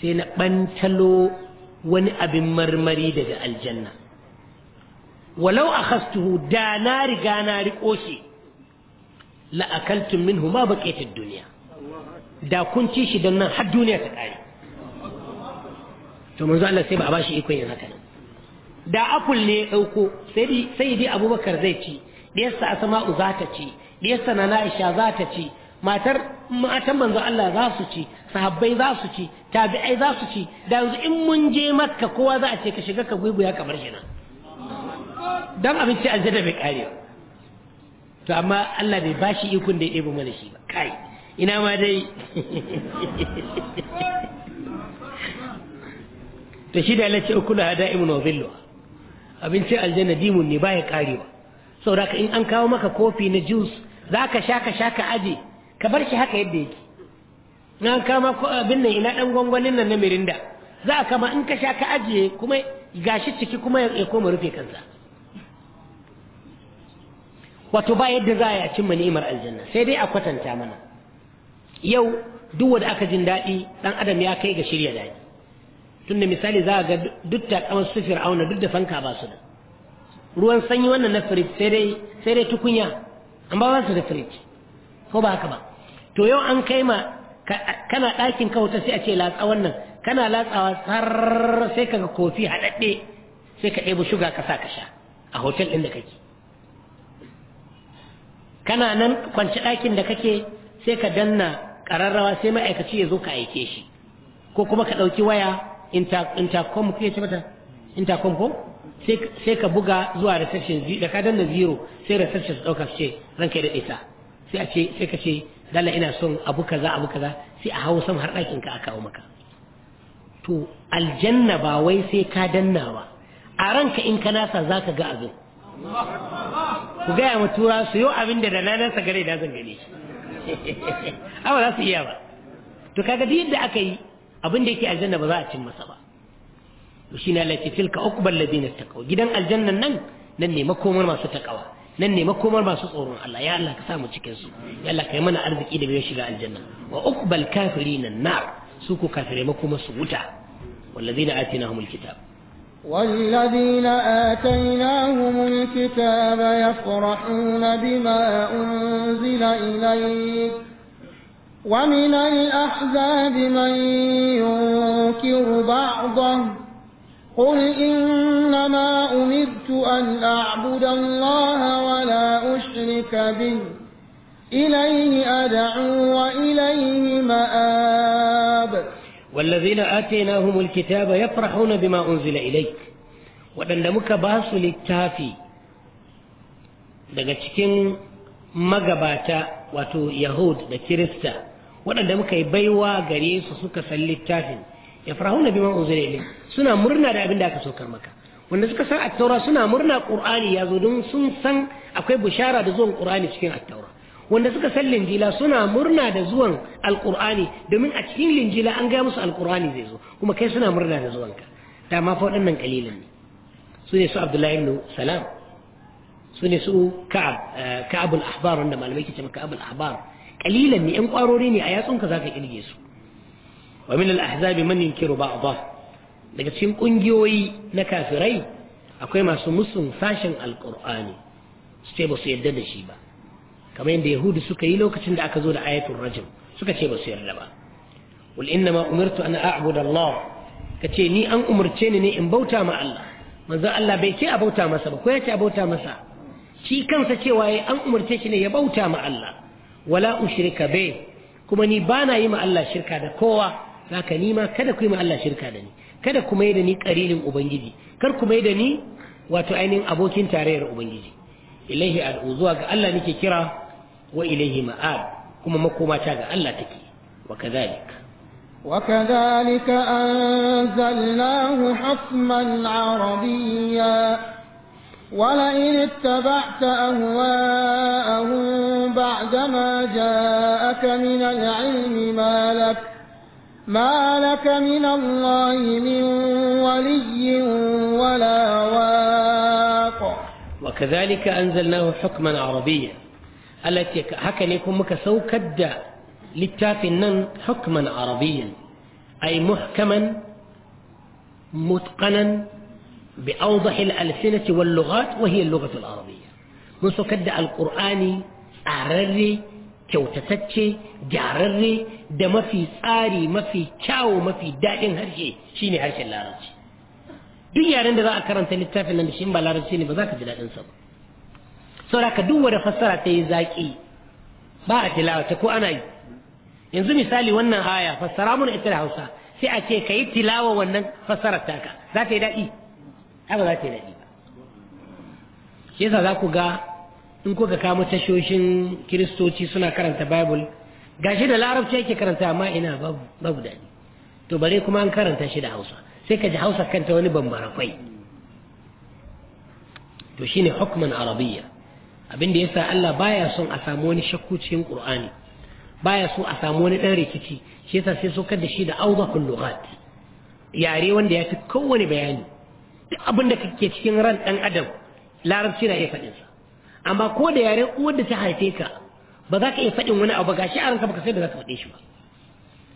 sai na bantalo wani abin marmari daga aljanna walau akhastuhu da na riga na riko shi la akaltum minhu ma baqiyatid dunya da kun ci shi dan nan har duniya ta kare to manzo Allah sai ba a bashi ikon yin haka da akul ne ya dauko sai sai dai Abubakar zai ci diyarsa Asma'u za ta ci diyarsa Nana Aisha za ta ci matar matan manzo Allah za su ci sahabbai za su ci tabi'ai za su ci da yanzu in mun je makka kowa za a ce ka shiga ka gugu ya kamar shi na. dan abinci aljanna bai kare to amma Allah bai bashi ikon da ya ɗebo mana shi ba kai ina ma dai to shi da lace ukulu hada imun wa billu aljanna dimun ne baya karewa saboda in an kawo maka kofi na juice za ka sha ka sha ka aje ka bar shi haka yadda yake in an kawo abin nan ina dan gwangwanin nan na mirinda za a kama in ka sha ka ajiye kuma gashi ciki kuma ya koma rufe kansa wato ba yadda za a yi cimma ni'imar aljanna sai dai a kwatanta mana yau duk wanda aka jin daɗi ɗan adam ya kai ga shirya daɗi tun da misali za a ga duk takamar su fir'auna duk da fanka ba su da ruwan sanyi wannan na firij sai dai tukunya an ba su da firij ko ba haka ba to yau an kai ma kana ɗakin kawuta sai a ce latsa wannan kana latsawa sar sai ga kofi haɗaɗɗe sai ka ɗebo shuga ka sa ka sha a hotel ɗin da kake kana nan kwanci ɗakin da kake sai ka danna ƙararrawa sai ma'aikaci ya zo ka aike shi ko kuma ka ɗauki waya intercom kuke ce mata kom ko sai ka buga zuwa reception da ka danna zero sai reception su dauka su ce ranka da ita sai a ce sai ka ce dala ina son abu kaza abu kaza sai a hau sam har ɗakin ka a kawo maka to aljanna ba wai sai ka danna ba a ranka in ka nasa za ka ga abin ku gaya ma tura su yau abin da na sa gare na zan gane shi ba za su iya ba to kaga duk yadda aka yi abin da yake aljanna ba za a cin masa ba to shine Allah ce tilka uqbal ladina taqaw gidan aljannan nan nan ne makomar masu taqawa nan ne makomar masu tsoron Allah ya Allah ka sa mu cikin su ya Allah kai mana arziki da bai shiga aljanna wa uqbal kafirina nar su ku kafire makomar su wuta والذين آتيناهم الكتاب والذين آتيناهم الكتاب يفرحون بما أنزل إليك ومن الأحزاب من ينكر بعضه قل إنما أمرت أن أعبد الله ولا أشرك به إليه أدعو وإليه مآب والذين آتيناهم الكتاب يفرحون بما أنزل إليك وَدَنْدَمُكَ بَاسُ لِلتَّافِي daga cikin magabata wato يهود da waɗanda muka yi baiwa gare su suka san littafin ya farahuna bima unzila suna murna da abin da aka saukar maka wanda suka san attaura suna murna qur'ani ya zo don sun san akwai bushara da zuwan qur'ani cikin attaura wanda suka san linjila suna murna da zuwan alqur'ani domin a cikin linjila an gaya musu alqur'ani zai zo kuma kai suna murna da zuwanka ma fa waɗannan kalilan ne su ne su abdullahi ibn salam su ne su ka'ab eh, ka'abul ahbar wanda malamai ke ce ka'abul ahbar qalilan ne in kwarori ne a yatsunka zaka kirge su wa min al-ahzabi man yunkiru ba'dha daga cikin kungiyoyi na kafirai akwai masu musun sashen alqur'ani su ce ba su yarda da shi ba kamar yadda yahudu suka yi lokacin da aka zo da ayatul rajim. suka ce ba su yarda ba qul innama umirtu an a'budu Allah kace ni an umarce ni ne in bauta ma Allah manzon Allah bai ce a bauta masa ba ko ya ce a bauta masa shi kansa cewa an umarce shi ne ya bauta ma Allah wala ushrika be kuma ni bana yi ma Allah shirka da kowa haka nima kada ku yi ma Allah shirka da ni kada ku mai da ni karinin ubangiji kar ku mai da ni wato ainihin abokin tarayyar ubangiji ilaihi al'u zuwa ga Allah nake kira wa ilaihi ma'ad kuma makoma ta ga Allah take wa kadhalika وكذلك Hasman حكما ولئن اتبعت أهواءهم بعدما جاءك من العلم ما لك ما لك من الله من ولي ولا واق وكذلك أنزلناه حكما عربيا التي حكى لكم مك سوكد للتافنن حكما عربيا أي محكما متقنا بأوضح الألسنة واللغات وهي اللغة العربية من da alkur'ani أعرري kyautatacce gyararre da mafi tsari mafi kyawu mafi daɗin harshe shine harshen larabci duk yaren da za a karanta littafin nan da shi ba larabci ne ba za ka ji daɗinsa ba saboda ka duk wanda fassara ta yi zaƙi ba a tilawata ko ana yi yanzu misali wannan aya fasara mun ita da hausa sai a ce ka yi tilawa wannan fasara taka za ta yi daɗi ai ba za ta yi daɗi ba shi yasa za ku ga in kuka kama tashoshin kiristoci suna karanta bible gashi da larabci yake karanta amma ina babu daɗi to bare kuma an karanta shi da hausa sai ka ji hausa kanta wani bambara kwai to shine hukman arabiyya abinda yasa Allah baya son a samu wani shakku cikin Qur'ani baya so a samu wani ɗan rikici shi yasa sai so da shi da awdahul lughat yare wanda ya fi kowane bayani duk abin da kake cikin ran ɗan adam larabci na iya faɗin sa amma ko da yaren uwar da ta haife ka ba za ka iya faɗin wani abu ga shi a ranka baka sai da za ka faɗe shi ba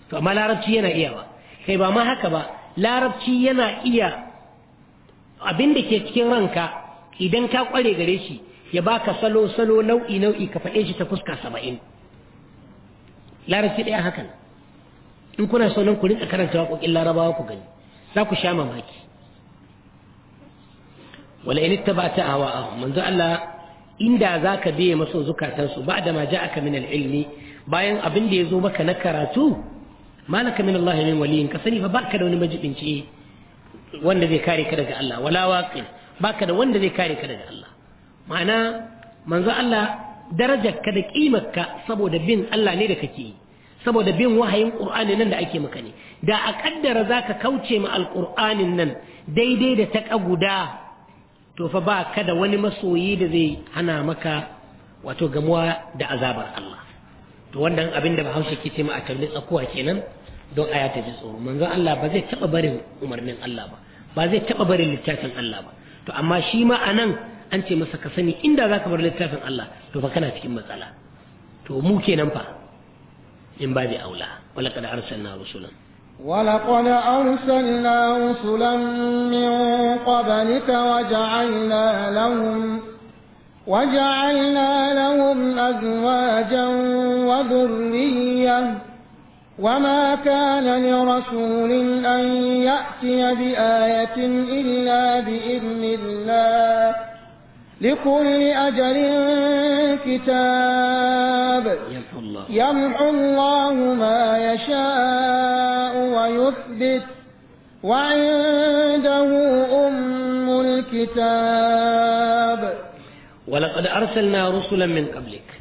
to amma larabci yana iya ba kai ba ma haka ba larabci yana iya abin da ke cikin ranka idan ka kware gare shi ya baka salo salo nau'i nau'i ka faɗe shi ta fuska saba'in larabci ɗaya hakan in kuna so nan ku rinka karanta waƙoƙin larabawa ku gani za ku sha mamaki wala in ittaba'ta hawa'ahum manzo Allah inda zaka biye maso zukatansu ba'da ma ja'aka min al-ilmi bayan abin da yazo maka na karatu malaka min Allah min waliyin ka sani fa baka da wani majibinci wanda zai kare ka daga Allah wala waqi baka da wanda zai kare ka daga Allah ma'ana manzo Allah darajarka da kimarka saboda bin Allah ne da kake yi saboda bin wahayin ƙur'ani nan da ake maka ne da a kaddara zaka kauce ma alƙur'anin nan daidai da ta guda to fa ba ka da wani masoyi da zai hana maka wato gamuwa da azabar Allah to wannan abin da Bahaushe ke ce ma a tarbi tsakuwa kenan don aya ta ji tsoro manzo Allah ba zai taba barin umarnin Allah ba ba zai taba barin littafin Allah ba to amma shi ma anan an ce masa ka sani inda zaka bar littafin Allah to fa kana cikin matsala to mu kenan fa in ba bi aula wala kad arsalna rusulan ولقد أرسلنا رسلا من قبلك وجعلنا لهم وجعلنا لهم أزواجا وذرية وما كان لرسول أن يأتي بآية إلا بإذن الله لكل أجل كتاب يمحو الله ما يشاء ويثبت وعنده أم الكتاب ولقد أرسلنا رسلا من قبلك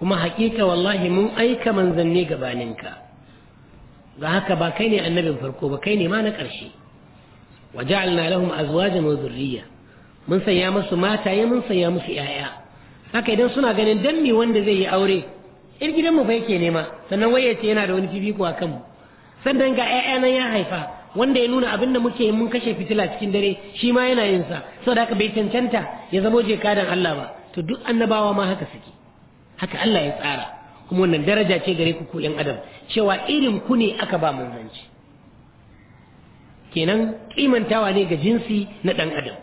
كما حقيقة والله من أيك من ذنيك قبالنك ذهك باكيني النبي فرقو باكيني ما نكرشي وجعلنا لهم أزواجا وذرية من سيامس ما يا من سيامس إيايا haka idan suna ganin dan me wanda zai yi aure ir gidanmu fa yake nema sannan waye ce yana da wani fifiko a kanmu sannan ga 'ya'ya nan ya haifa wanda ya nuna abin da muke mun kashe fitila cikin dare shi ma yana yin sa saboda haka bai cancanta ya zama je kadan Allah ba to duk annabawa ma haka suke haka Allah ya tsara kuma wannan daraja ce gare ku ku yan adam cewa irin ku ne aka ba manzanci kenan kimantawa ne ga jinsi na dan adam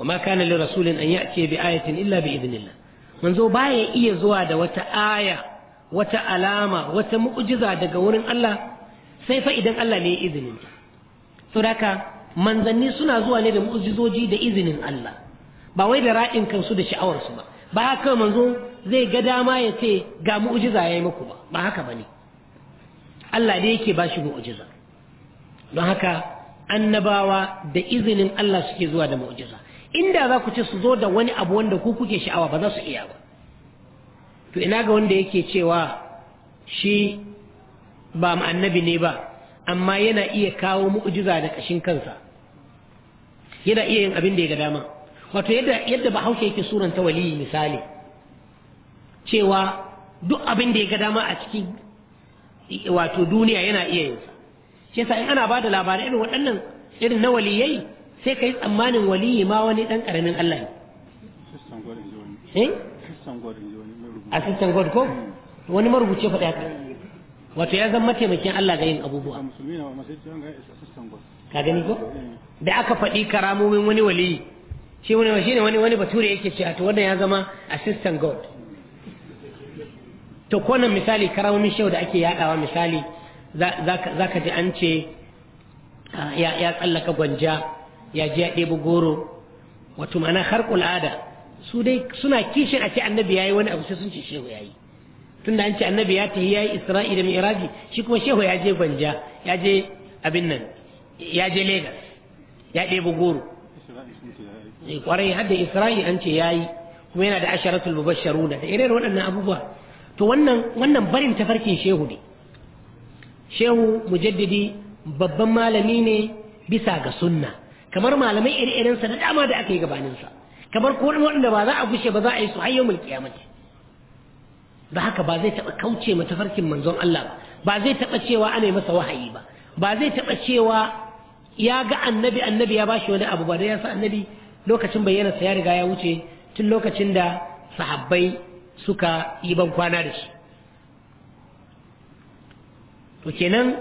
wa ma kana li rasulin an ya'ti bi ayatin illa bi idnillah manzo baya iya zuwa da wata aya wata alama wata mu'jiza daga wurin Allah sai fa idan Allah ne ya izinin ta haka manzanni suna zuwa ne da mu'ujizoji da izinin Allah ba wai da ra'in kansu da sha'awarsu ba ba haka manzo zai ga dama ya ce ga mu'jiza yayi muku ba ba haka bane Allah dai yake ba shi mu'jiza don haka annabawa da izinin Allah suke zuwa da mu'jiza inda za ku ce su zo da wani abu wanda ku kuke sha'awa ba za su iya ba to ina ga wanda yake cewa shi ba annabi ne ba amma yana iya kawo mu'jiza da kashin kansa yana iya yin abin da ya ga dama wato yadda yadda haushe yake suranta waliyi misali cewa duk abin da ya ga dama a cikin wato duniya yana iya yin sa shi yasa in ana ba da labarai irin waɗannan irin na waliyai sai ka yi tsammanin waliyi ma wani ɗan ƙaramin Allah ne a sistan god ko hmm. wani marubuce faɗi haka wato ya zama mataimakin Allah ga yin abubuwa ka gani ko da aka faɗi karamomin wani waliyi shi wani shi wani wani bature yake cewa to wannan ya zama assistant god to konan misali karamomin shau da ake yadawa misali za ka ji an ce ya tsallaka gwanja ya ji ya ɗebi goro wato ma'ana har al'ada su dai suna kishin a ce annabi yi wani abu sai sun ce shehu yayi tunda an ce annabi ya tafi yayi isra'i da mi'raji shi kuma shehu ya je gwanja ya je abin nan ya je lagos ya ɗebo goro eh, kwarai har da isra'i an ce yayi kuma yana da asharatul mubashsharuna da irin waɗannan abubuwa to wannan wannan barin tafarkin shehu ne shehu mujaddidi babban malami ne bisa ga sunna kamar malamai iri-irinsa da dama da aka yi gabaninsa kamar ko waɗanda ba za a gushe ba za a yi su har yau mace. da haka ba zai taɓa kauce ma tafarkin manzon Allah ba ba zai taɓa cewa ana masa wahayi ba ba zai taɓa cewa ya ga annabi annabi ya bashi wani abu ba da ya sa annabi lokacin bayyanarsa ya riga ya wuce tun lokacin da sahabbai suka yi ban kwana da shi to kenan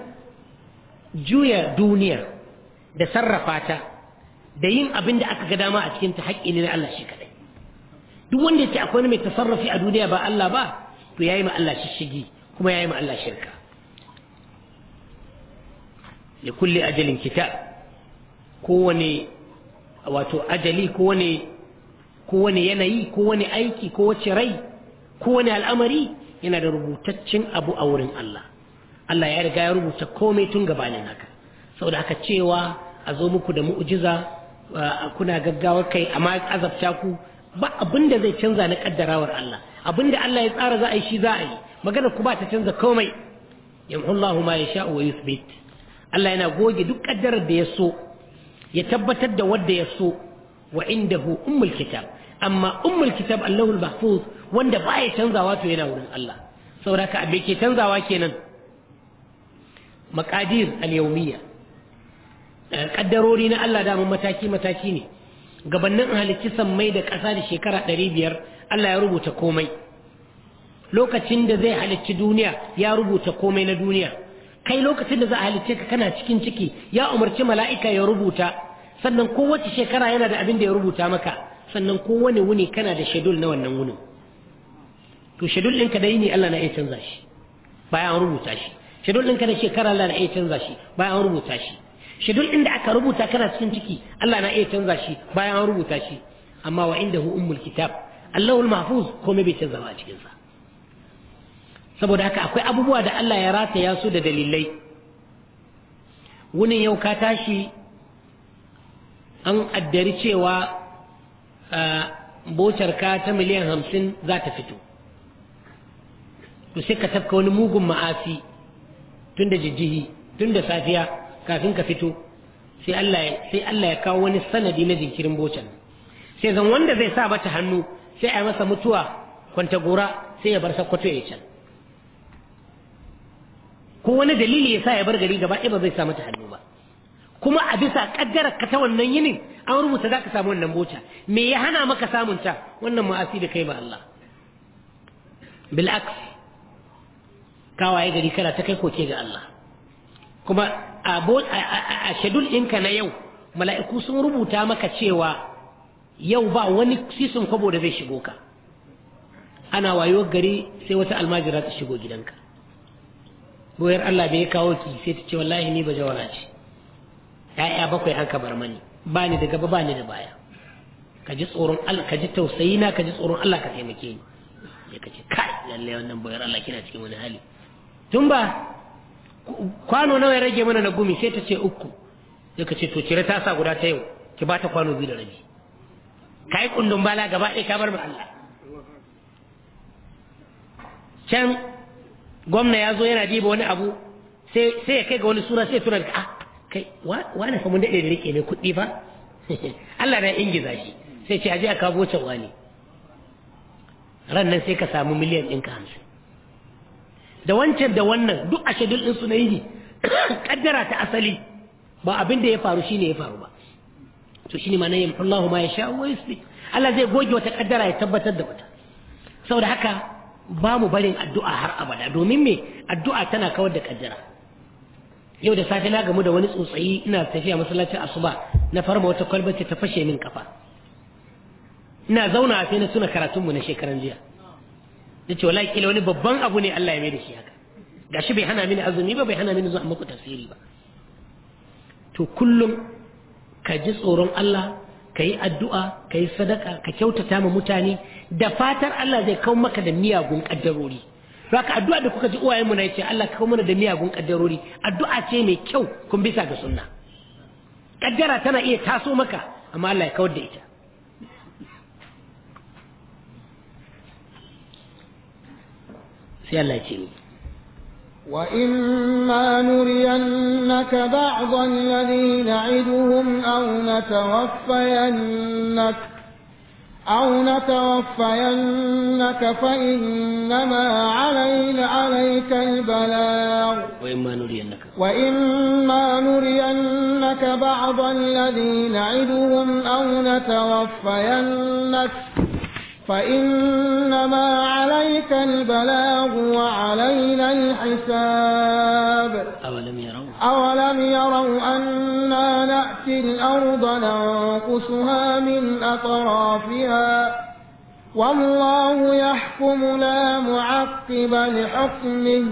juya duniya da sarrafa ta da yin abin da aka ga dama a cikin ta haƙƙi ne na Allah shi kaɗai duk wanda ce akwai mai tasarrafi a duniya ba Allah ba to yi ma Allah shishigi kuma yayi ma Allah shirka li kulle ajalin kita kowane wato ajali kowane yanayi kowane aiki ko wace rai kowane al'amari yana da rubutaccen abu a wurin Allah Allah ya riga ya rubuta komai tun gabanin haka saboda haka cewa a zo muku da mu'jiza kuna gaggawar kai amma azabta ku ba abin da zai canza na kaddarawar Allah da Allah ya tsara za a yi shi za a yi magana ku ba ta canza komai yamhullahu ma yasha wa yuthbit Allah yana goge duk kaddarar da ya so ya tabbatar da wanda ya so wa indahu ummul kitab amma ummul kitab Allahul mahfuz wanda ya canzawa wato yana wurin Allah saboda ka abe ke canzawa kenan maqadir al-yawmiyya eh, kaddarori na Allah da mataki mataki ne gabanin halicci sammai da ƙasa da shekara ɗari biyar Allah ya rubuta komai lokacin da zai halicci duniya ya rubuta komai na duniya kai lokacin da za a halicce ka kana cikin ciki ya umarci mala'ika ya rubuta sannan kowace shekara yana da abin da ya rubuta maka sannan kowane wuni kana da shedul na wannan wunin to shedul ɗinka da yini Allah na iya canza shi bayan an rubuta shi shedul ɗinka na shekara Allah na iya canza shi bayan an rubuta shi shedul ɗin da aka rubuta kana cikin ciki Allah na iya canza shi bayan an rubuta shi amma wa indahu ummul kitab allahul mahfuz komai bai canza ba a cikinsa saboda haka akwai abubuwa da allah ya rataya su da dalilai wunin yau ka tashi an addari cewa bocar ka ta miliyan hamsin za ta fito to sai ka tafka wani mugun ma'asi tun da jijjihi tun da safiya kafin ka fito sai Allah ya kawo wani sanadi na jinkirin bocan sai zan wanda zai sa bata hannu sai a masa mutuwa kwanta gora sai ya bar sakkwato ya can ko wani dalili ya sa ya bar gari gaba ba zai samu ta hannu ba kuma a bisa kaddarar ka ta wannan yinin an rubuta za ka samu wannan bota me ya hana maka samun ta wannan ma'asi da kai ba Allah bil aks kawaye gari kana ta kai koke ga Allah kuma a shadul ɗinka na yau mala'iku sun rubuta maka cewa yau ba wani sisin kwabo da zai shigo ka ana wayo gari sai wata almajira ta shigo gidanka boyar Allah da ya kawo ki sai ta ce wallahi ni ba jawara ce ya'ya bakwai an bar mani ba ni da gaba ba ni da baya ka ji tsoron Allah ka ji tausayi na ka ji tsoron Allah ka taimake ni sai ka ce kai lalle wannan boyar Allah kina cikin wani hali tun ba kwano nawa ya rage mana na gumi sai ta ce uku sai ka ce to cire ta sa guda ta yau ki ba ta kwano biyu da rabi kai kundun bala gaba ɗaya ka bar mu Allah can gwamna ya zo yana diba wani abu sai ya kai ga wani sura sai tura ah kai wani fa mun daɗe da rike ne kuɗi fa Allah na ingiza shi sai ce aje a kawo can wani ran nan sai ka samu miliyan ɗinka hamsin da wancan da wannan duk a shadul ɗinsu su na yi kaddara ta asali ba abin da ya faru shi ne ya faru ba to shine ma nan yamhullahu ma yasha wa yusbi Allah zai goge wata kaddara ya tabbatar da wata saboda haka ba mu barin addu'a har abada domin me addu'a tana kawar da kaddara yau da safe na gamu da wani tsotsayi ina tafiya masallacin asuba na farma wata kwalbati ta fashe min kafa ina zauna a na tuna karatunmu na shekaran jiya da ce wallahi kila wani babban abu ne Allah ya mai da shi haka gashi bai hana mini azumi ba bai hana mini zuwa muku tasiri ba to kullum ka ji tsoron Allah ka yi addu'a ka yi sadaka ka kyautata ma mutane da fatar Allah zai kawo maka da miyagun kaddarori ka addu'a da kuka ji uwayen mu na yace Allah ka kawo mana da miyagun ƙaddarori addu'a ce mai kyau kun bisa ga sunna ƙaddara tana iya taso maka amma Allah ya kawar da ita sai Allah ya ce ni وإما نرينك بعض الذي نعدهم أو نتوفينك أو نتوفينك فإنما علينا عليك البلاغ وإما نرينك وإما نرينك بعض الذي نعدهم أو نتوفينك فإنما عليك البلاغ وعلينا الحساب أولم يروا أولم يروا أنا نأتي الأرض ننقصها من أطرافها والله يحكم لا معقب لحكمه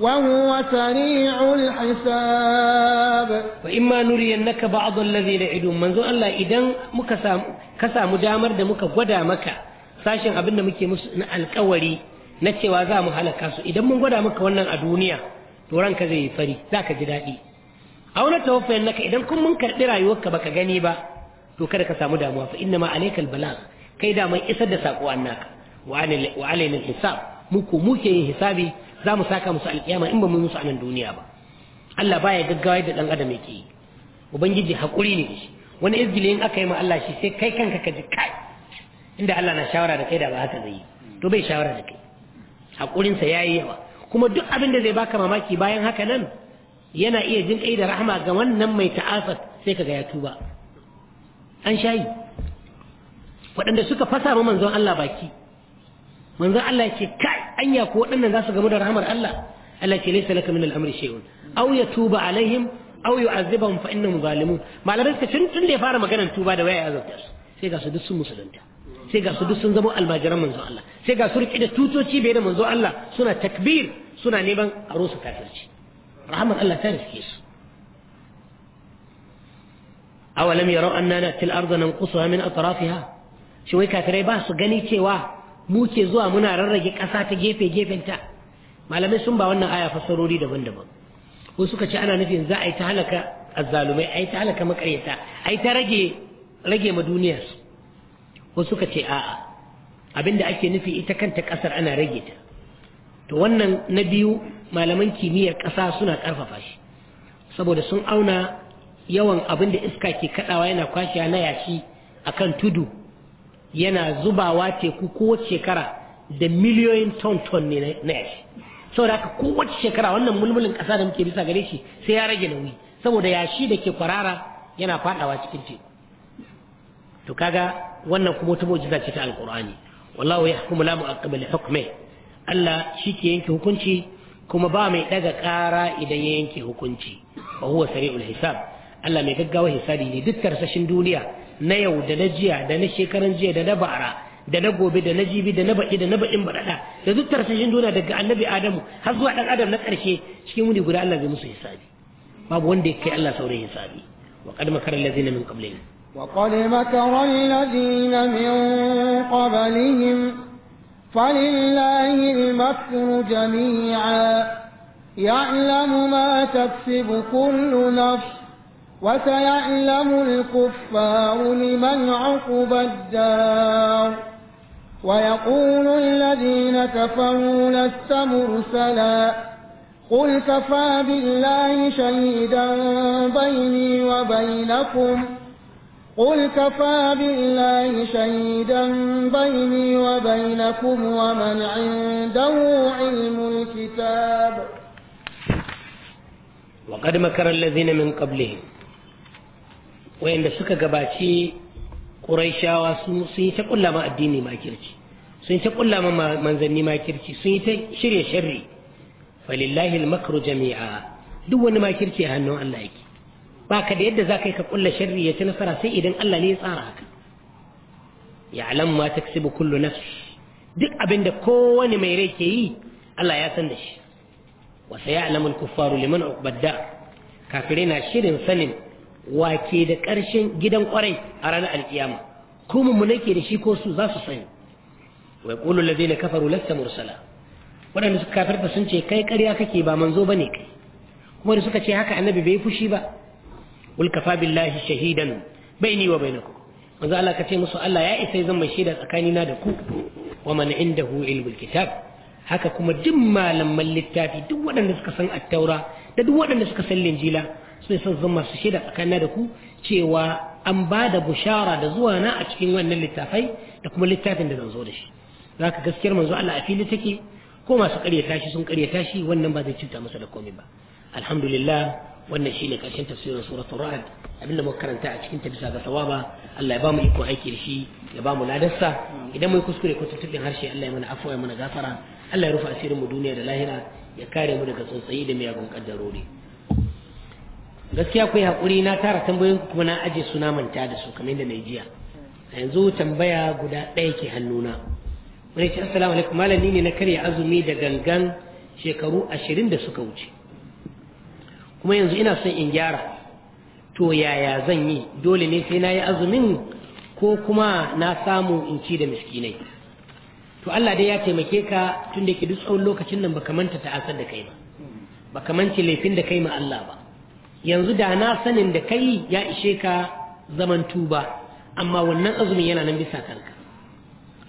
وهو سريع الحساب وإما نرينك بعض الذي نعدهم منذ الله إذن مكسام كسام جامر دمك ودامك Sashen abin da muke musu na alkawari na cewa za mu halaka su idan mun gwada maka wannan a duniya to ranka zai yi fari za ka ji daɗi a wani tawaffayan naka idan kun mun karɓi rayuwarka baka gani ba to kada ka samu damuwa fa inna ma alaikal kai da mai isar da saƙo annaka wa alaina hisab mu ko muke yin hisabi za mu saka musu alƙiyama in ba mu musu anan duniya ba Allah baya gaggawa da dan adam yake yi ubangiji hakuri ne shi wani izgili in aka yi ma Allah shi sai kai kanka ka ji kai inda Allah na shawara da kai da ba haka zai yi to bai shawara da kai hakurinsa ya yi yawa kuma duk abin da zai baka mamaki bayan haka nan yana iya jin kai da rahama ga wannan mai ta'asa, sai kaga ya tuba an shayi waɗanda suka fasa ma manzon Allah baki manzon Allah ce kai anya ko waɗannan za su gamu da rahamar Allah Allah ce laysa laka min al-amri shay'un aw yatuba alaihim aw yu'azzibahum fa innahum zalimun malamai suka tun da ya fara maganar tuba da waya ya zauta su, sai ga su duk sun musulunta sai ga su duk sun zama almajiran manzo Allah sai ga su da tutoci bai da manzo Allah suna takbir suna neman aro su kafirci Allah ta riske su awalam yarau anna natil arda nanqusuha min atrafiha shi wai kafirai ba su gani cewa mu ke zuwa muna rarrage ƙasa ta gefe gefenta malamai sun ba wannan aya fassarori daban-daban ko suka ce ana nufin za a yi ta halaka azzalumai a yi ta halaka makaryata a yi ta rage rage ma duniyarsu wasu suka ce a'a da ake nufi ita kanta kasar ana rage ta to wannan na biyu malaman kimiyyar ƙasa suna ƙarfafa shi saboda sun auna yawan abin da iska ke kaɗawa yana kwashewa na yashi akan tudu yana zubawa teku kowace shekara da miliyoyin ton ton ne na yashi saboda haka kowace shekara wannan mulmulin ƙasa da muke bisa gare shi sai ya rage nauyi saboda yashi da ke kwarara yana faɗawa cikin teku to kaga wannan kuma wata mu'jiza ce ta alkur'ani wallahu yahkumu la mu'aqqiba li hukmihi Allah shi ke yanke hukunci kuma ba mai daga ƙara idan ya yanke hukunci wa huwa sari'ul hisab Allah mai gaggawa hisabi ne duk tarsashin duniya na yau da na jiya da na shekaran jiya da na bara da na gobe da na jibi da na baki da na bakin baɗaɗa da duk tarsashin duniya daga annabi adamu har zuwa ɗan adam na ƙarshe cikin wuni guda Allah zai musu hisabi babu wanda ya kai Allah saurin hisabi wa qad makara na min qablihim وقد مكر الذين من قبلهم فلله المكر جميعا يعلم ما تكسب كل نفس وسيعلم الكفار لمن عقب الدار ويقول الذين كفروا لست مرسلا قل كفى بالله شهيدا بيني وبينكم قل كفى بالله شهيدا بيني وبينكم ومن عنده علم الكتاب وقد مكر الذين من قبلهم وإن سكا قباتي قريشا واسمو سيسا لا ما أديني ما كيرتي قل لا ما منزلني ما كيرتي سيسا شري شري فلله المكر جميعا دون ما كيرتي هنو الله يكي baka da yadda za ka yi ka kulla sharri ya ci nasara sai idan Allah ne ya tsara haka ya'lam ma taksibu kullu nafs duk abin da kowane mai rai ke yi Allah ya san da shi wa sayalamu al-kuffaru liman uqbad dar kafirai na shirin sanin wake da ƙarshen gidan kwarai a ranar alkiyama ko mun nake da shi ko su za su sani wa yaqulu alladhina kafaru lasta mursala waɗanda suka kafirta sun ce kai ƙarya kake ba manzo bane kai kuma da suka ce haka annabi bai fushi ba qul billahi shahidan baini wa bainakum manzo Allah kace musu Allah ya isa zan mai shaida tsakanina da ku wa man indahu ilmul kitab haka kuma duk malaman littafi duk waɗanda suka san attaura da duk waɗanda suka san linjila su san zan masu shaida tsakanina da ku cewa an ba da bushara da zuwa na a cikin wannan littafai da kuma littafin da zan zo da shi zaka gaskiyar manzo Allah a fili take ko masu ƙaryata shi sun ƙaryata shi wannan ba zai cuta masa da komai ba alhamdulillah wannan shine karshen tafsirin suratul ra'd abinda muka karanta a cikin ta bisa ga sawaba Allah ya bamu iko aiki da shi ya bamu mu ladarsa idan mun kuskure ko harshe Allah ya mana afwa ya mana gafara Allah ya rufe asirin mu duniya da lahira ya kare mu daga tsotsayi da miyagun kaddarori gaskiya ku hakuri na tara tambayoyin kuma na aje suna manta da su kamar da jiya yanzu tambaya guda ɗaya ke hannuna wani ce assalamu alaikum malami ne na karya azumi da gangan shekaru ashirin da suka wuce kuma yanzu ina son in gyara to yaya zan yi dole ne sai na yi azumin ko kuma na samu in ci da miskinai to Allah dai ya taimake ka tun da ke duk tsawon lokacin nan baka manta ta'asar da kai ba baka manta laifin da kai ma Allah ba yanzu da na sanin da kai ya ishe ka zaman tuba amma wannan azumin yana nan bisa kanka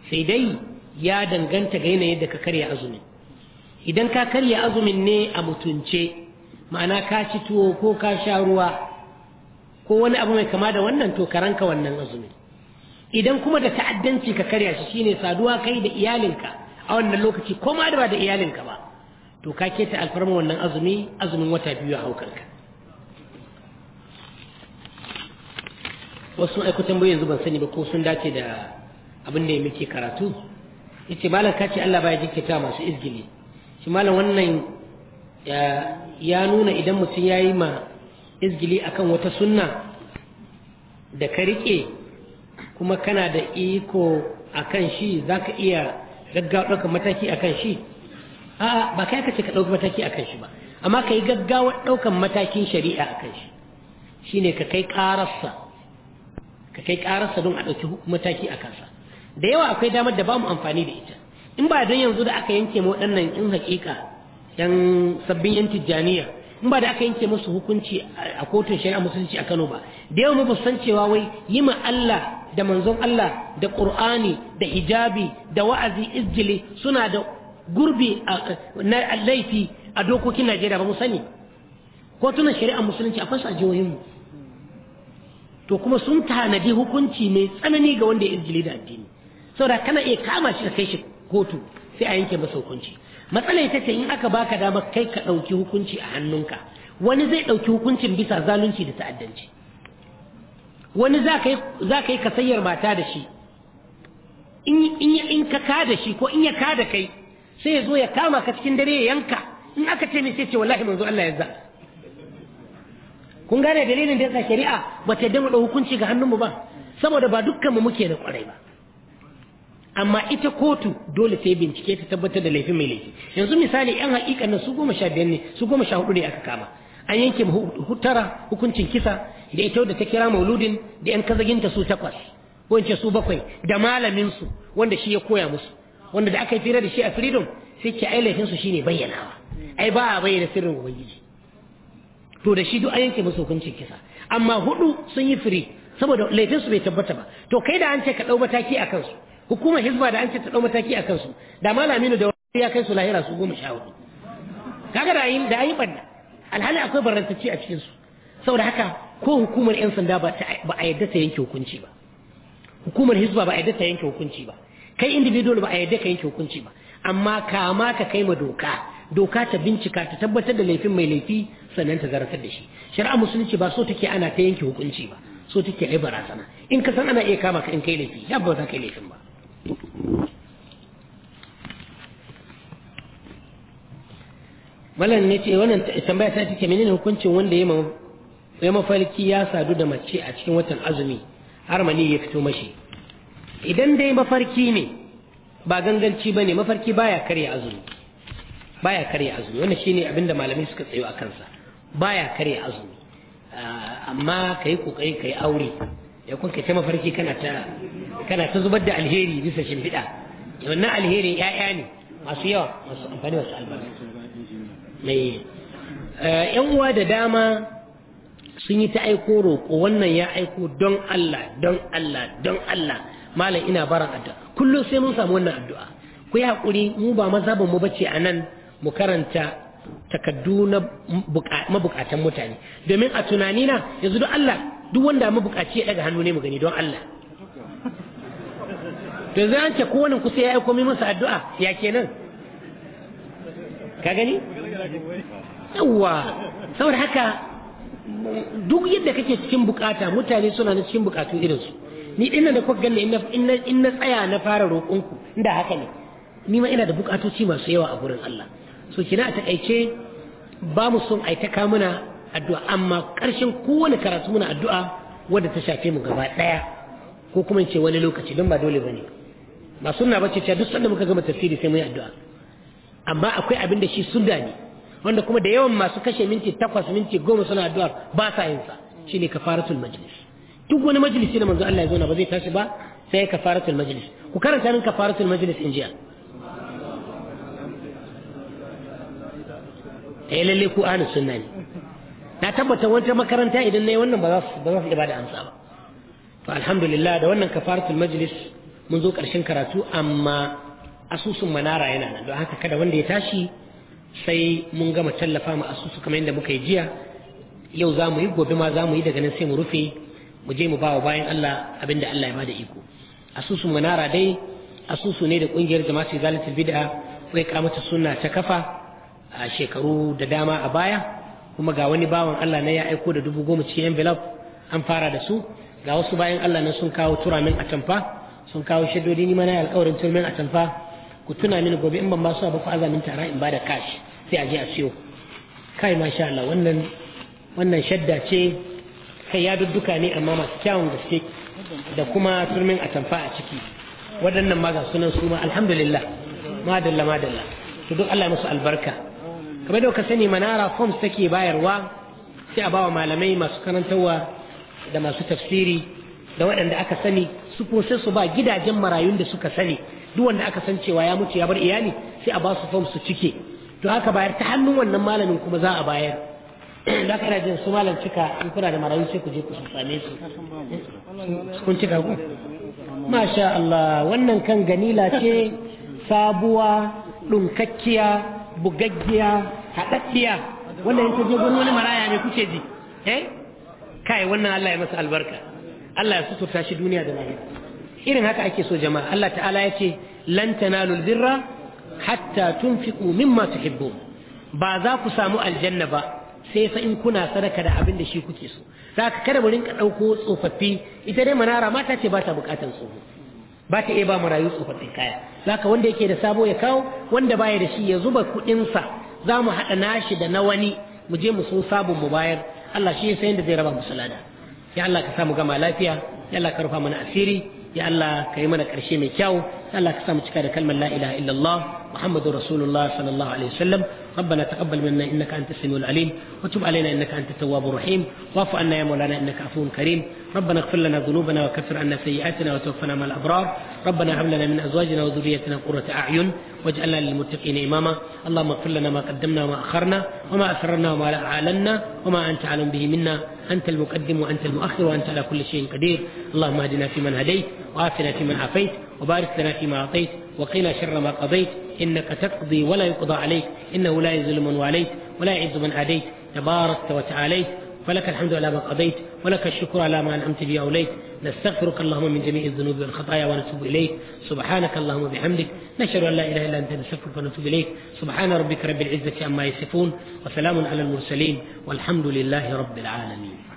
sai dai ya danganta ga yanayin da ka karya azumin idan ka karya azumin ne a mutunce ma'ana ka ci tuwo ko ka sha ruwa ko wani abu mai kama da wannan to ka ranka wannan azumi idan kuma da ta'addanci ka karya shi shine saduwa kai da iyalinka a wannan lokaci ko ma da ba da iyalinka ba to ka keta alfarma wannan azumi azumin wata biyu a haukanka wasu aiko tambayoyi yanzu ban sani ba ko sun dace da abin da ya muke karatu ita malam ka ce Allah baya jinkirta masu izgili shi malam wannan ya nuna idan mutum ya yi ma izgili a kan wata sunna da ka riƙe kuma kana da iko a kan shi za ka iya gaggawa ɗaukar mataki kan shi a'a ba kai ka ce ka ɗauki mataki a kan shi ba amma ka yi gaggawa ɗaukar matakin shari'a a kan shi ne ka kai ƙararsa ka kai ƙararsa don a ɗauki mataki a kansa da yawa akwai damar da ba mu amfani da ita in ba don yanzu da aka yanke ma waɗannan in hakika. yan sabbin yan tijjaniya in ba da aka yanke musu hukunci a kotun shari'a musulunci a Kano ba da yau mu san cewa wai yi ma Allah da manzon Allah da ƙur'ani da hijabi da wa'azi izjili suna da gurbi na laifi a dokokin Najeriya ba mu sani kotunan shari'a musulunci akwai su a jihohin mu to kuma sun tanadi hukunci mai tsanani ga wanda ya izjili da addini saboda kana iya kama shi a kai shi kotu sai a yanke masa hukunci matsala ita ce in aka baka dama kai ka ɗauki hukunci a hannunka wani zai ɗauki hukuncin bisa zalunci da ta'addanci wani za ka yi ka sayar mata da shi in ka ka da shi ko in ya ka da kai sai ya zo ya kama ka cikin dare ya yanka in aka ce mai sai ce wallahi manzo Allah ya za kun gane dalilin da yasa shari'a ba ta dama da hukunci ga hannunmu ba saboda ba dukkanmu muke da kwarai ba amma ita kotu dole sai bincike ta tabbatar da laifin mai laifi yanzu misali yan haƙiƙa na su goma sha biyar ne su goma sha hudu ne aka kama an yanke hutara hukuncin kisa da ita da ta kira mauludin da yan kazaginta su takwas ko su bakwai da malamin su wanda shi ya koya musu wanda da aka yi fira da shi a freedom sai ce ai laifin su shine bayyanawa ai ba a bayyana sirrin ubangiji to da shi duk an yanke musu hukuncin kisa amma hudu sun yi firi saboda laifin su bai tabbata ba to kai da an ce ka dau mataki a kansu hukumar hizba da an ce ta ɗau mataki a kansu da malaminu da wani ya kai su lahira su goma sha hudu kaga da ayi da ayi banda alhali akwai barantacci a cikin su saboda haka ko hukumar yan sanda ba a yadda ta yanke hukunci ba hukumar hizba ba a yadda ta yanke hukunci ba kai individual ba a yadda ka yanke hukunci ba amma kama ka kai ma doka doka ta bincika ta tabbatar da laifin mai laifi sannan ta zartar da shi shari'a musulunci ba so take ana ta yanke hukunci ba so take ai barasana. in ka san ana iya kama ka in kai laifi ya ba za ka yi laifin ba malam ne ce wannan tambaya ta ce menene hukuncin wanda ya mafarki ya sadu da mace a cikin watan azumi har mani ya fito mashi idan dai mafarki ne ba ganganci ba ne mafarki baya karya azumi baya karya azumi wannan shine abinda malamai suka tsayo a kansa baya karya azumi ah, amma ka yi kokari ka yi aure ya kun ta mafarki kana ta zubar da alheri bisa shimfiɗa wannan alherin ‘ya'ya ne masu yawa masu amfani masu albarka mai eh, ‘yan uwa da dama sun yi ta aiko roƙo wannan ya aiko don Allah don Allah don Allah malam ina baran addu'a kullum sai mun samu wannan addu'a ku yi haƙuri mu ba maza ba mu bace a nan mu karanta takaddu na mabukatan mutane domin a tunani na yanzu don Allah duk wanda mabukaci ya daga hannu ne mu gani don Allah to zai an ce kowane kusa ya yi aiko masa addu'a ya kenan ka gani yawa saboda haka duk yadda kake cikin bukata mutane suna na cikin bukatu irinsu ni ina da kuka ne in na tsaya na fara roƙonku inda haka ne ni ma ina da bukatoci masu yawa a gurin Allah so kina a takaice ba mu son ai ta kamuna addu'a amma karshen kowane karatu muna addu'a wadda ta shafe mu gaba daya ko kuma in ce wani lokaci don ba dole bane ba sunna bace cewa duk sanda muka gama tafsiri sai mu yi addu'a amma akwai abin da shi sunna ne wanda kuma da yawan masu kashe minti takwas minti goma suna addu'a ba sa yin sa shine kafaratul majlis duk wani majalisi da manzo Allah ya zauna ba zai tashi ba sai kafaratul majlis ku karanta min kafaratul majlis in jiya yi eh, lalle ku ahlus sunna ne na tabbata wata makaranta idan nayi wannan ba za su ba za su amsa ba to alhamdulillah da wannan kafaratul majlis mun zo karshen karatu amma asusun manara yana nan don haka kada wanda ya tashi sai mun gama tallafa ma asusu kamar yadda muka yi jiya yau za mu yi gobe ma za mu yi daga nan sai mu rufe mu je mu bawa bayan Allah abinda Allah ya bada iko asusun manara dai asusu ne da kungiyar jama'atul zalatul bid'a kai kamata sunna ta kafa a shekaru da dama a baya kuma ga wani bawan Allah na ya aiko da dubu goma cikin envelope an fara da su ga wasu bayan Allah na sun kawo turamin atamfa sun kawo shaddodi ni mana alƙawarin turmin atamfa ku tuna mini gobe in ban ba su ba ku azamin tara in ba da cash sai a je a siyo kai masha Allah wannan wannan shadda ce kai ya dudduka ne amma masu kyawun gaske da kuma turmin atamfa a ciki waɗannan ma ga sunan su ma alhamdulillah madalla madalla to duk Allah musu albarka kamar da ka sani manara forms take bayarwa sai a bawa malamai masu karantarwa da masu tafsiri da waɗanda aka sani su ko su ba gidajen marayun da suka sani duk wanda aka san cewa ya mutu ya bar iyali sai a ba su forms su cike to haka bayar ta hannun wannan malamin kuma za a bayar da kana jin su malam cika in kuna da marayu sai ku je ku same su kun cika ku masha Allah wannan kan ganila ce sabuwa dunkakkiya bugaggiya haɗaɗɗiya wanda in je gurin wani maraya ne kuke ji eh kai wannan Allah ya masa albarka Allah ya suturta shi duniya da lahira irin haka ake so jama'a Allah ta'ala ya ce lan tanalul birra hatta tunfiqu mimma tuhibbun ba za ku samu aljanna ba sai fa in kuna sadaka da abin da shi kuke so aka kada mu rinka ɗauko tsofaffi ita dai manara mata ce ba ta bukatan tsoho ba ta iya ba rayu tsofaffin kaya haka wanda yake da sabo ya kawo wanda baya da shi ya zuba kuɗinsa za mu haɗa nashi da na wani mu je mu so sabon mu bayar Allah shi ya san da zai raba musu lada ya Allah ka samu gama lafiya ya Allah ka rufa mana asiri ya Allah ka yi mana ƙarshe mai kyau ya Allah ka samu cika da kalmar la ilaha illallah muhammadur rasulullah sallallahu alaihi wasallam ربنا تقبل منا إنك أنت السميع العليم وتب علينا إنك أنت التواب الرحيم واعف عنا يا مولانا إنك عفو كريم ربنا اغفر لنا ذنوبنا وكفر عنا سيئاتنا وتوفنا مع الأبرار ربنا هب لنا من أزواجنا وذريتنا قرة أعين واجعلنا للمتقين إماما اللهم اغفر لنا ما قدمنا وما أخرنا وما أسررنا وما أعلنا وما أنت أعلم به منا أنت المقدم وأنت المؤخر وأنت على كل شيء قدير اللهم اهدنا فيمن هديت وعافنا فيمن عافيت وبارك لنا فيما أعطيت وقنا شر ما قضيت إنك تقضي ولا يقضى عليك إنه لا يزل من واليت ولا يعز من عاديت تبارك وتعاليت فلك الحمد على ما قضيت ولك الشكر على ما أنعمت به أوليت نستغفرك اللهم من جميع الذنوب والخطايا ونتوب إليك سبحانك اللهم بحمدك نشهد أن لا إله إلا أنت نستغفرك ونتوب إليك سبحان ربك رب العزة عما يصفون وسلام على المرسلين والحمد لله رب العالمين